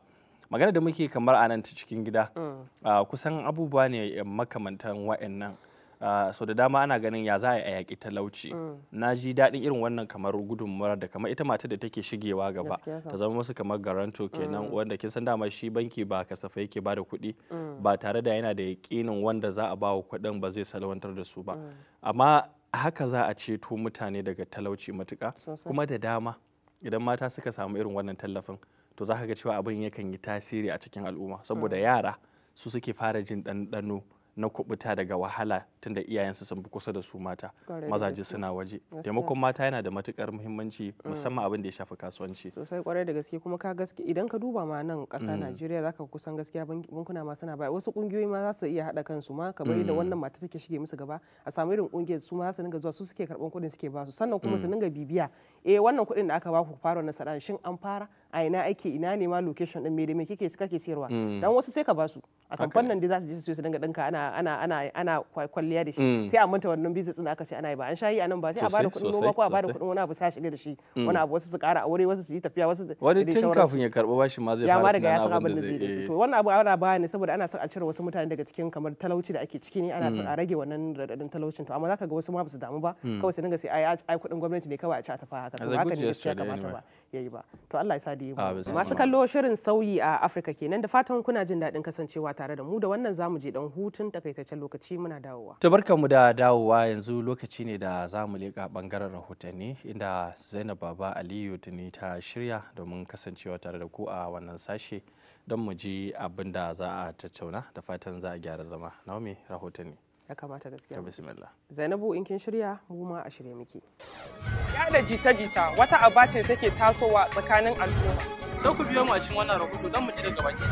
Speaker 2: magana da muke kamar a ta cikin gida mm. kusan abubuwa ne makamantan wain nan Ah, so da dama ana ganin ya za a yaƙi talauci mm. na ji daɗin irin wannan kamar gudunmuwar da kamar ita mata da take shigewa gaba ta zama musu kamar garanto kenan mm. wanda kin san dama shi banki ba kasafai yake ba da kuɗi mm. ba tare da yana da yaƙinin wanda za a ba wa kuɗin ba zai salwantar da su ba amma haka za a ceto mutane daga talauci matuka kuma da dama idan mata suka samu irin wannan tallafin to za ka ga cewa abin yakan yi tasiri a cikin al'umma saboda yara su suke fara jin ɗanɗano na kubuta daga wahala tunda iyayensu sun fi kusa da su mata mazaje suna waje taimakon mata yana da matukar muhimmanci mm. musamman abin da ya shafi kasuwanci sosai
Speaker 3: kwarai da gaske kuma ka gaske idan ka duba ma nan ƙasa mm. Najeriya zaka kusan gaskiya bankuna ma suna baya wasu kungiyoyi ma za su iya hada kansu ma kamar yadda mm. wannan mata take shige musu gaba a samu irin kungiyar su ma za su dinga zuwa su suke karban kuɗin suke ba su sannan kuma su dinga bibiya eh wannan kuɗin da aka ba ku fara na sana'a shin an fara a ina ake ina ne ma location din me da me kike kake siyarwa mm. dan wasu sai ka basu a kamfanin da za su je su su dinga dinka ana ana ana ana kwalliya da shi mm. sai a manta wannan business din aka ce ana yi ba an shayi anan ba sai a bada kuɗin noma ko a bada kuɗin wani abu sai a shiga da shi mm. wani abu wasu su ƙara wuri wasu su yi tafiya wasu wani tun kafin
Speaker 2: ya karɓi bashi ma zai fara tunanin abin da zai to
Speaker 3: wannan abu ana bayani saboda ana son a cire wasu mutane daga cikin kamar talauci da ake ciki ne ana son a rage wannan radadin talaucin to amma zaka ga wasu ma ba su damu ba kawai sai dinga sai ai kuɗin gwamnati ne kawai a ci a tafa haka to haka ne gaskiya kamata ba yi ba to Allah ya sadi masu kallo shirin sauyi a Afirka kenan da fatan kuna jin daɗin kasancewa tare da mu da wannan zamu je dan hutun takaitaccen lokaci muna dawowa
Speaker 2: to mu da dawowa yanzu lokaci ne da zamu leƙa bangaren rahotanni inda Zainab Baba Aliyu tuni ta shirya domin kasancewa tare da ku a wannan sashe don mu ji abin da za a tattauna da fatan za a gyara zama Naomi rahotanni ya kamata gaskiya bismillah
Speaker 3: zainabu in kin shirya mu ma a shirye muke yada jita-jita wata aba ce take tasowa tsakanin al'umma sai ku biyo mu a cikin wannan rahoto don mu ji daga bakin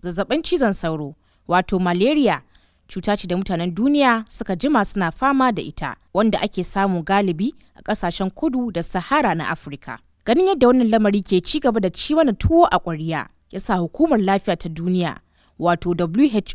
Speaker 12: zazzabin cizon sauro wato malaria cuta ce da mutanen duniya suka jima suna fama da ita wanda ake samu galibi a kasashen kudu da sahara na afirka ganin yadda wannan lamari ke ci gaba da ciwon tuwo a ƙwarya ya sa hukumar lafiya ta duniya wato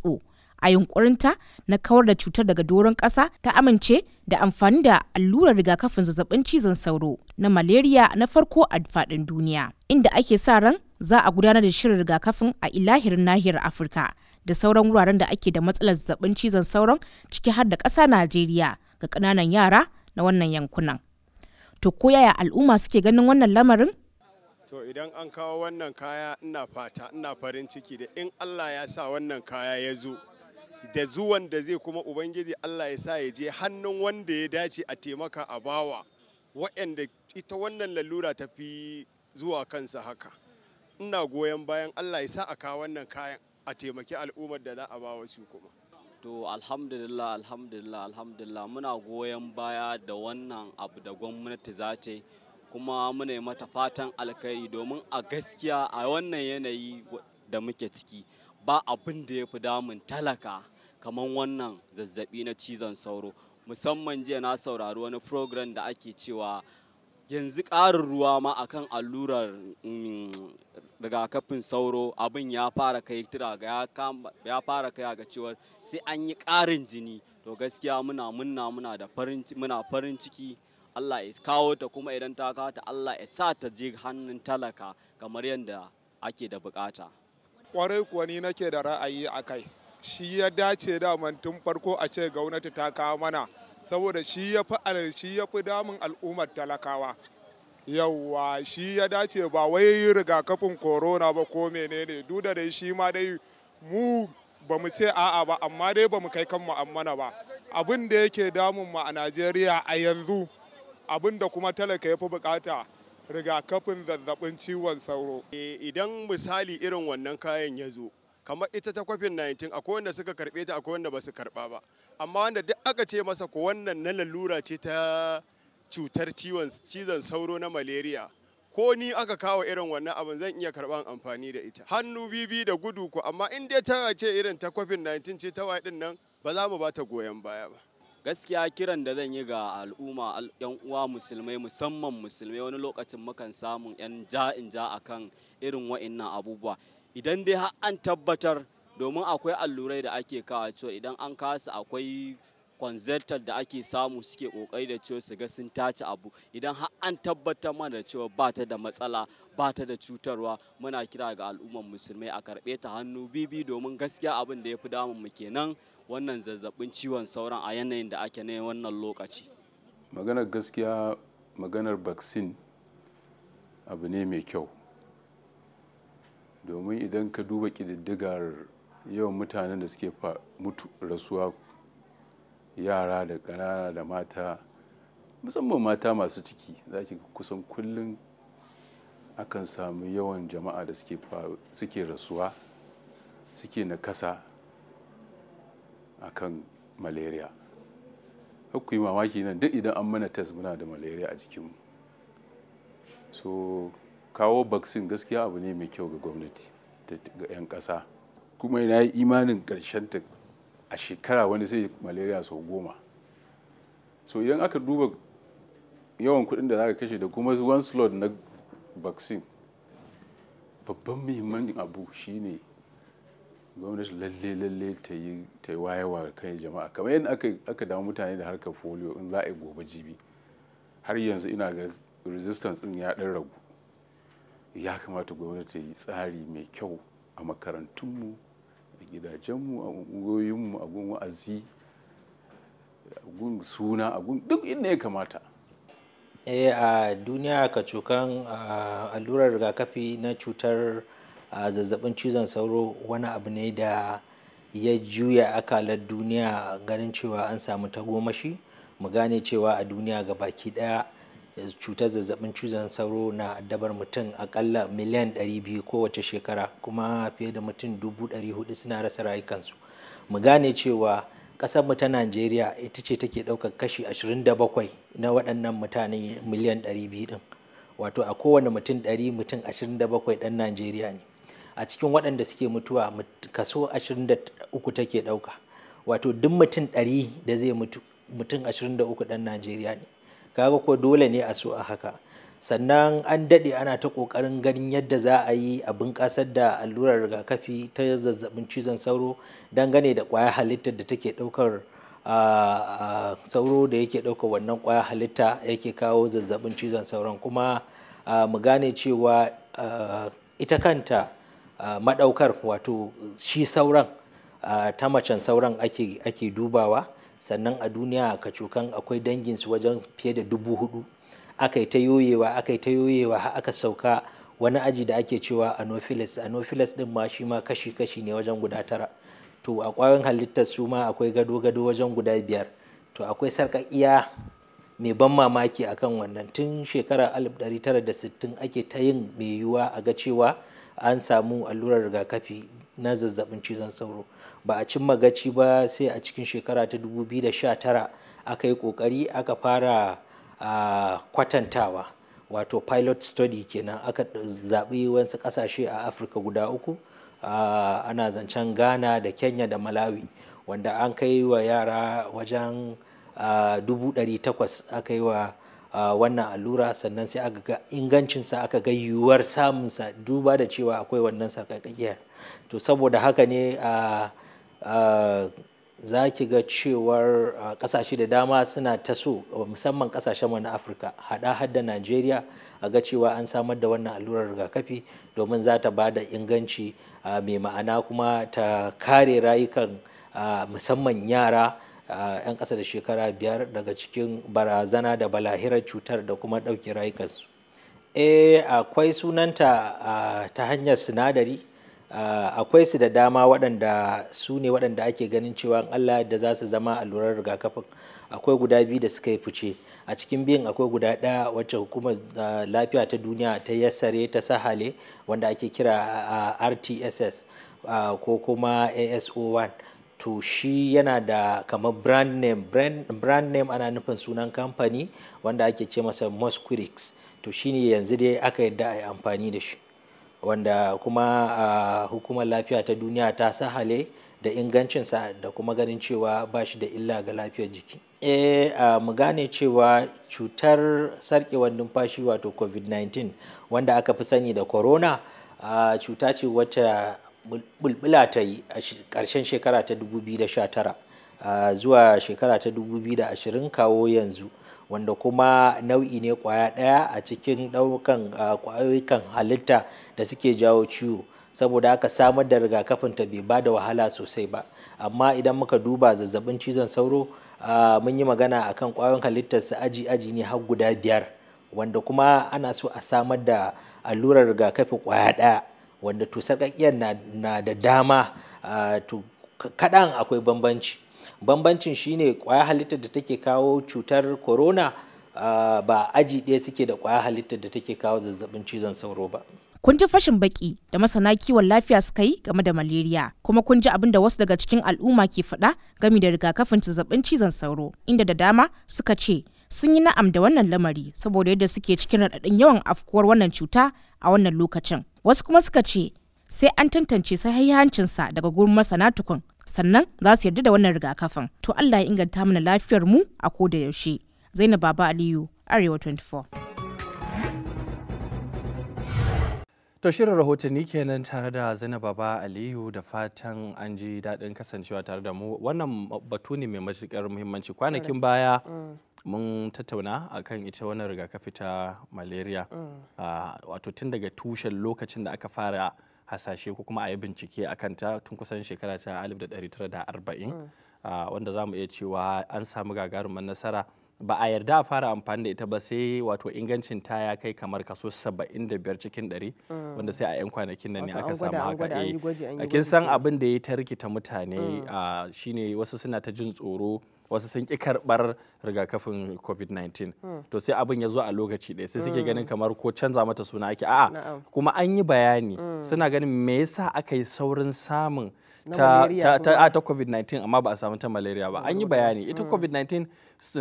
Speaker 12: who a yunkurinta na kawar da cutar daga doron ƙasa ta amince da amfani da allurar rigakafin zazzabin cizon sauro na malaria na farko a faɗin duniya inda ake sa ran za a gudanar da shirin rigakafin a ilahirin nahiyar afirka da sauran wuraren da ake da matsalar zazzabin cizon sauron ciki har da ƙasa najeriya ga ƙananan yara na wannan yankunan to ko yaya al'umma suke ganin wannan lamarin
Speaker 10: to idan an kawo wannan kaya ina fata ina farin ciki da in allah ya sa wannan kaya ya zo da zuwan da zai kuma ubangiji allah ya sa ya je hannun wanda ya dace a taimaka a bawa waɗanda ita wannan lalura ta fi zuwa kansa haka ina goyon bayan allah ya sa a kawo wannan kayan a taimaki al'ummar da za a bawa su kuma to alhamdulillah alhamdulillah alhamdulillah muna goyon baya da wannan abu da gwamnati za ta yi kuma muna yi mata fatan alkhairi domin a gaskiya a wannan yanayi da muke ciki ba abin da ya fi damun talaka kamar wannan zazzabi na cizon sauro musamman jiya na saurari wani program da ake cewa yanzu ƙarin ruwa ma akan allurar mm, rigakafin sauro abin ya fara kai tira ga ya fara kai ga cewar sai an yi ƙarin jini to gaskiya muna muna muna da farin muna farin ciki Allah ya kawo ta kuma idan ta kawo ta Allah ya sa ta je hannun talaka kamar yadda ake da bukata
Speaker 8: kwarai kuwa ni nake da ra'ayi a kai shi ya dace da tun farko a ce gwamnati ta kawo mana saboda shi ya fi shi ya fi damun al'ummar talakawa yawwa shi ya dace ba wai rigakafin corona ba ko menene duk da dai shi ma dai mu ba mu ce a'a ba amma dai ba mu kai kanmu ammana ba abin da yake damun mu a najeriya a yanzu abin da kuma talaka
Speaker 10: ya fi bukata rigakafin zazzabin ciwon sauro eh, idan misali irin wannan kayan ya zo kamar ita ta kwafin 19 akwai wanda suka karbe ta akwai wanda ba su karba ba amma wanda duk aka ce masa ko wannan na lalura ce ta cutar cizon sauro na malaria ko ni aka kawo irin wannan abin zan iya karban amfani da ita hannu bibi da gudu ko amma in dai ta ce irin ta kwafin 19 ce ta waɗin nan ba za mu ba ta goyon baya ba gaskiya kiran da zan yi ga al'umma yan uwa musulmai musamman musulmai wani lokacin mukan samun yan ja in ja akan irin wa'innan abubuwa idan dai har an tabbatar domin akwai allurai da ake kawo cewa idan an kasa akwai kwanzartar da ake samu suke kokari da cewa su ga sun tace abu idan har an tabbatar mana da cewa ba ta da matsala ba ta da cutarwa muna kira ga al'ummar musulmai a karɓe ta hannu bibi domin gaskiya abin da ya fi damun mu kenan wannan zazzabin ciwon sauran a yanayin da ake ne wannan lokaci
Speaker 7: maganar gaskiya maganar vaccine abu ne mai kyau domin idan ka duba ƙididdigar yawan mutanen da suke mutu rasuwa yara da ƙanana da mata musamman mata masu ciki za ki kusan kullum akan samu yawan jama'a da suke rasuwa suke na nakasa akan malaria ku mamaki nan duk idan an mana test muna da malaria a jikinmu so kawo vaccine gaskiya abu ne mai kyau ga gwamnati da ga 'yan kasa kuma ina yi imanin karshen ta a shekara wani sai malaria sau goma so idan aka duba yawan kuɗin da za ka kashe da kuma one slot na vaccine babban muhimman abu shine gwamnati lalle lalle ta yi ta kai jama'a kamar yadda aka aka damu mutane da harkar folio in za a yi gobe jibi har yanzu ina ga resistance din ya dan ragu ya kamata gwamnati yi tsari mai kyau a makarantunmu a gidajenmu a ungoyinmu a gun wa'azi a gun suna a gun duk inda ya kamata eh a
Speaker 1: duniya ka cokan allurar rigakafi na cutar zazzabin cizon sauro wani abu ne da ya juya akalar duniya ganin cewa an samu tagomashi mu gane cewa a duniya ga baki daya cutar zazzabin cizon sauro na addabar mutum akalla miliyan 200 kowace shekara kuma fiye da mutum 400 suna rasa rayukansu mu gane cewa kasar mu ta najeriya ita ce take daukar kashi 27 na waɗannan mutane miliyan 200 din wato a kowane mutum 100 mutum 27 ɗan najeriya ne a cikin waɗanda suke mutuwa kaso 23 take ɗauka wato duk mutum 100 da zai mutu mutum 23 ɗan najeriya ne kaga ko dole ne a so a haka sannan an daɗe ana ta ƙoƙarin ganin yadda za a yi a bunƙasar da allurar rigakafi ta zazzabin cizon sauro dangane da ƙwayar halittar da take ɗaukar sauro da yake ɗaukar wannan ƙwayar halitta yake kawo zazzabin cizon sauron kuma mu gane cewa ita kanta maɗaukar wato shi sauran ta macen sauran ake dubawa sannan a duniya a kacokan akwai danginsu wajen fiye da dubu hudu aka yi ta yoyewa aka yi ta yoyewa har aka sauka wani aji da ake cewa anopheles anopheles din ma shi ma kashi-kashi ne wajen guda tara to a kwayoyin halittar su ma akwai gado-gado wajen guda biyar to akwai sarƙaƙiya mai ban mamaki akan wannan tun shekarar 1960 ake ta yin mai yiwuwa a ga cewa an samu allurar rigakafi na zazzabin cizon sauro ba a cimma gaci ba sai a cikin shekara ta 2019 aka yi kokari aka fara kwatantawa wato pilot study kenan aka zaɓi wasu ƙasashe a afirka guda uku ana zancen ghana da kenya da malawi wanda an kai wa yara wajen 800 aka yi wa wannan allura sannan sai aka ga ingancinsa aka ga yiwuwar samunsa duba da cewa akwai wannan sarƙaƙƙiyar to saboda haka ne uh, Ah, za ki ga cewar kasashe ah, da dama suna ta so musamman kasashen wani afirka hada hada najeriya a ga cewa an samar da wannan allurar rigakafi domin za ta ba da inganci ah, mai ma'ana kuma ta kare rayukan musamman yara 'yan ƙasa da shekara biyar daga cikin barazana da balahirar cutar da kuma ɗauke rayukansu eh akwai sunanta ta hanyar sinadari Ah, akwai su da dama waɗanda su ne waɗanda ake ganin cewa allah da za su zama allurar rigakafin akwai guda biyu da suka yi fice a cikin biyun akwai guda ɗaya wacce hukumar ah, lafiya ta duniya ta yassare ta sahale wanda ake kira ah, rtss ko kuma aso1 to shi yana da kamar brand name brand, name ana nufin sunan kamfani wanda ake ce masa mosquirix to shi ne yanzu dai aka yadda a yi amfani da shi wanda kuma a hukumar lafiya ta duniya ta sahale da ingancinsa da kuma ganin cewa ba shi da illa ga lafiyar jiki e mu gane cewa cutar sarkewar numfashi wato covid-19 wanda aka fi sani da corona a cuta ce wata bulbula ta yi a ƙarshen shekara ta 2019 zuwa shekara ta 2020 kawo yanzu wanda kuma nau'i ne kwaya daya a cikin ɗaukan kwayoyikan halitta da suke jawo ciwo saboda aka samar da rigakafin ta bai ba da wahala sosai ba amma idan muka duba zazzabin cizon sauro mun yi magana akan kwayoyin halittar su aji aji ne har guda biyar wanda kuma ana so a samar da allurar rigakafi kwaya daya wanda to na da dama to kaɗan akwai bambanci bambancin shine kwaya halittar da take kawo cutar corona ba aji ɗaya suke da kwaya halittar da take kawo zazzabin cizon sauro ba
Speaker 12: kun ji fashin baki da masana kiwon lafiya suka yi game da maleriya kuma kun ji abin da wasu daga cikin al'umma ke faɗa game da rigakafin zazzabin cizon sauro inda da dama suka ce sun yi na'am da wannan lamari saboda yadda suke cikin raɗaɗin yawan afkuwar wannan cuta a wannan lokacin wasu kuma suka ce sai an tantance sahihancinsa daga gurin masana tukun sannan za su yarda da wannan rigakafin to Allah ya inganta mana lafiyar mu a koda yaushe Zainab Baba Aliyu Arewa 24
Speaker 2: To shirin rahotanni kenan tare da Zainab Baba Aliyu da fatan an ji daɗin kasancewa tare da mu wannan batu ne mai matuƙar muhimmanci kwanakin baya mm. mun tattauna akan ita wannan rigakafi ta malaria mm. ah, wato tun daga tushen lokacin da aka fara hasashe ko kuma a yi bincike a kanta tun kusan shekara ta 1940 hmm. wanda za mu iya cewa an samu gagarumar nasara ba a yarda a fara amfani da ita ba sai wato ingancin ta ya kai kamar kaso 75 cikin 100 hmm. wanda sai a 'yan kwanakin nan ne aka samu haka a eh, kin san abin da ya ta rikita mutane hmm. shine wasu suna ta jin tsoro wasu sun ƙi karɓar rigakafin covid-19 hmm. to sai abin ya zo a lokaci ɗaya sai suke hmm. ganin kamar ko canza mata suna ake a'a kuma an yi bayani hmm. suna ganin me yasa aka yi saurin samun ta, ta, covid-19 amma ba a samu ta malaria ba an yi bayani ita covid-19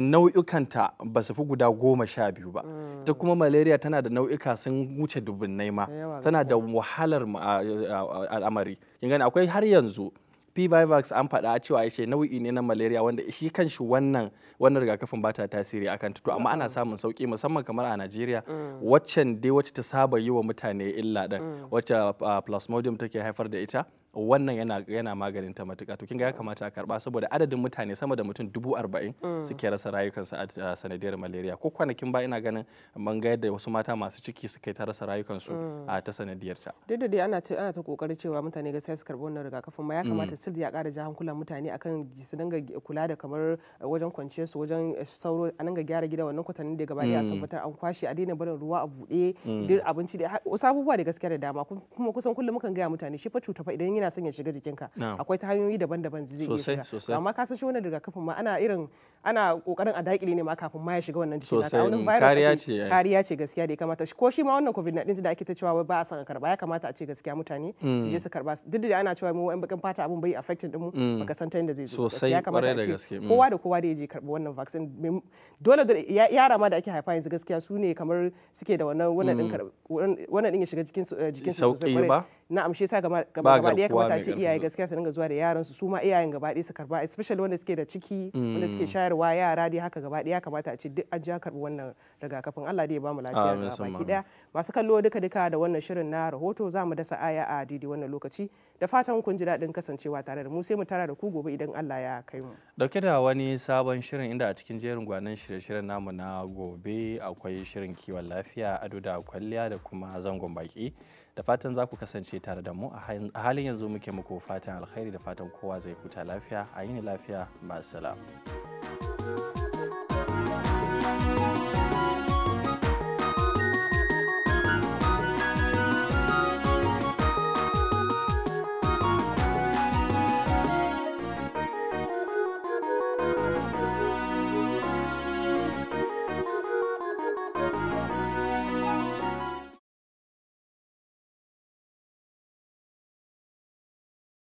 Speaker 2: nau'ikanta ba su fi guda goma sha biyu ba ta kuma malaria tana da nau'ika sun wuce dubunnai ma tana da wahalar al'amari kin gani akwai har yanzu pivivax an faɗa a cewa shi nau'i ne na malaria wanda shi kan shi wannan wannan rigakafin bata tasiri akan to amma ana samun sauki musamman kamar a Najeriya mm. waccan dai wacce ta saba yi wa mutane illa din mm. wacce ah, plasmodium take haifar da ita wannan yana yana maganin ta matuƙa to kinga ya kamata a karba saboda adadin mutane sama da mutum dubu arba'in mm. suke rasa rayukansu a sanadiyar malaria ko kwanakin ba ina ganin ban ga yadda wasu mata masu ciki suke ta rasa rayukansu mm. a ta sanadiyar ta
Speaker 3: duk da dai ana ta ana ta kokarin cewa mutane ga su karbi wannan rigakafin ma ya mm. kamata sir ya kara ja hankulan mutane akan su dinga kula da kamar wajen kwanciyar su wajen sauro a dinga gyara gida wannan kwatanni da gaba a tabbatar an kwashe a daina barin ruwa a buɗe duk abinci da wasu abubuwa da gaskiya da dama kuma kusan kullum mukan gaya mutane shi fa cuta fa idan yana son ya shiga jikinka akwai ta hanyoyi daban-daban zai iya shiga amma ka san shi wannan rigakafin ma ana irin ana kokarin a daƙile ne ma kafin ma ya shiga wannan jikin naka wannan virus kariya ce eh. kariya ce gaskiya da ya kamata ko shi ma wannan covid-19 da ake ta cewa ba a son karba ya kamata a ce gaskiya mutane su je mm. su karba duk da ana cewa mu wa'in bakin fata abun bai affecting din mu mm. baka san ta inda zai zo ya kamata a ce mm. kowa da kowa da ya je karba wannan vaccine dole yara ma da ake haifa yanzu gaskiya su ne kamar suke da wannan wannan din wannan din ya shiga jikin su eh, sosai na amshe sa gaba da ya kamata a ce iyaye gaskiya su dinga zuwa da yaran su su ma iyayen gaba ɗaya su karba especially wanda suke da ciki wanda suke mm. shayarwa yara dai haka gaba ɗaya ya kamata a ce duk an ja karbi wannan rigakafin Allah dai ya ba mu lafiya ga baki daya masu kallo duka duka da wannan shirin na rahoto za mu dasa aya a daidai wannan lokaci da fatan kun ji daɗin kasancewa tare da mu sai mu tara da ku gobe idan Allah ya kai mu
Speaker 2: dauke da wani sabon shirin inda a cikin jerin gwanan shirye-shiryen namu na gobe akwai shirin kiwon lafiya ado da kwalliya da kuma zangon baki da fatan za ku kasance tare da mu a halin yanzu muke muku fatan alkhairi da fatan kowa zai huta lafiya a yini lafiya masu salam.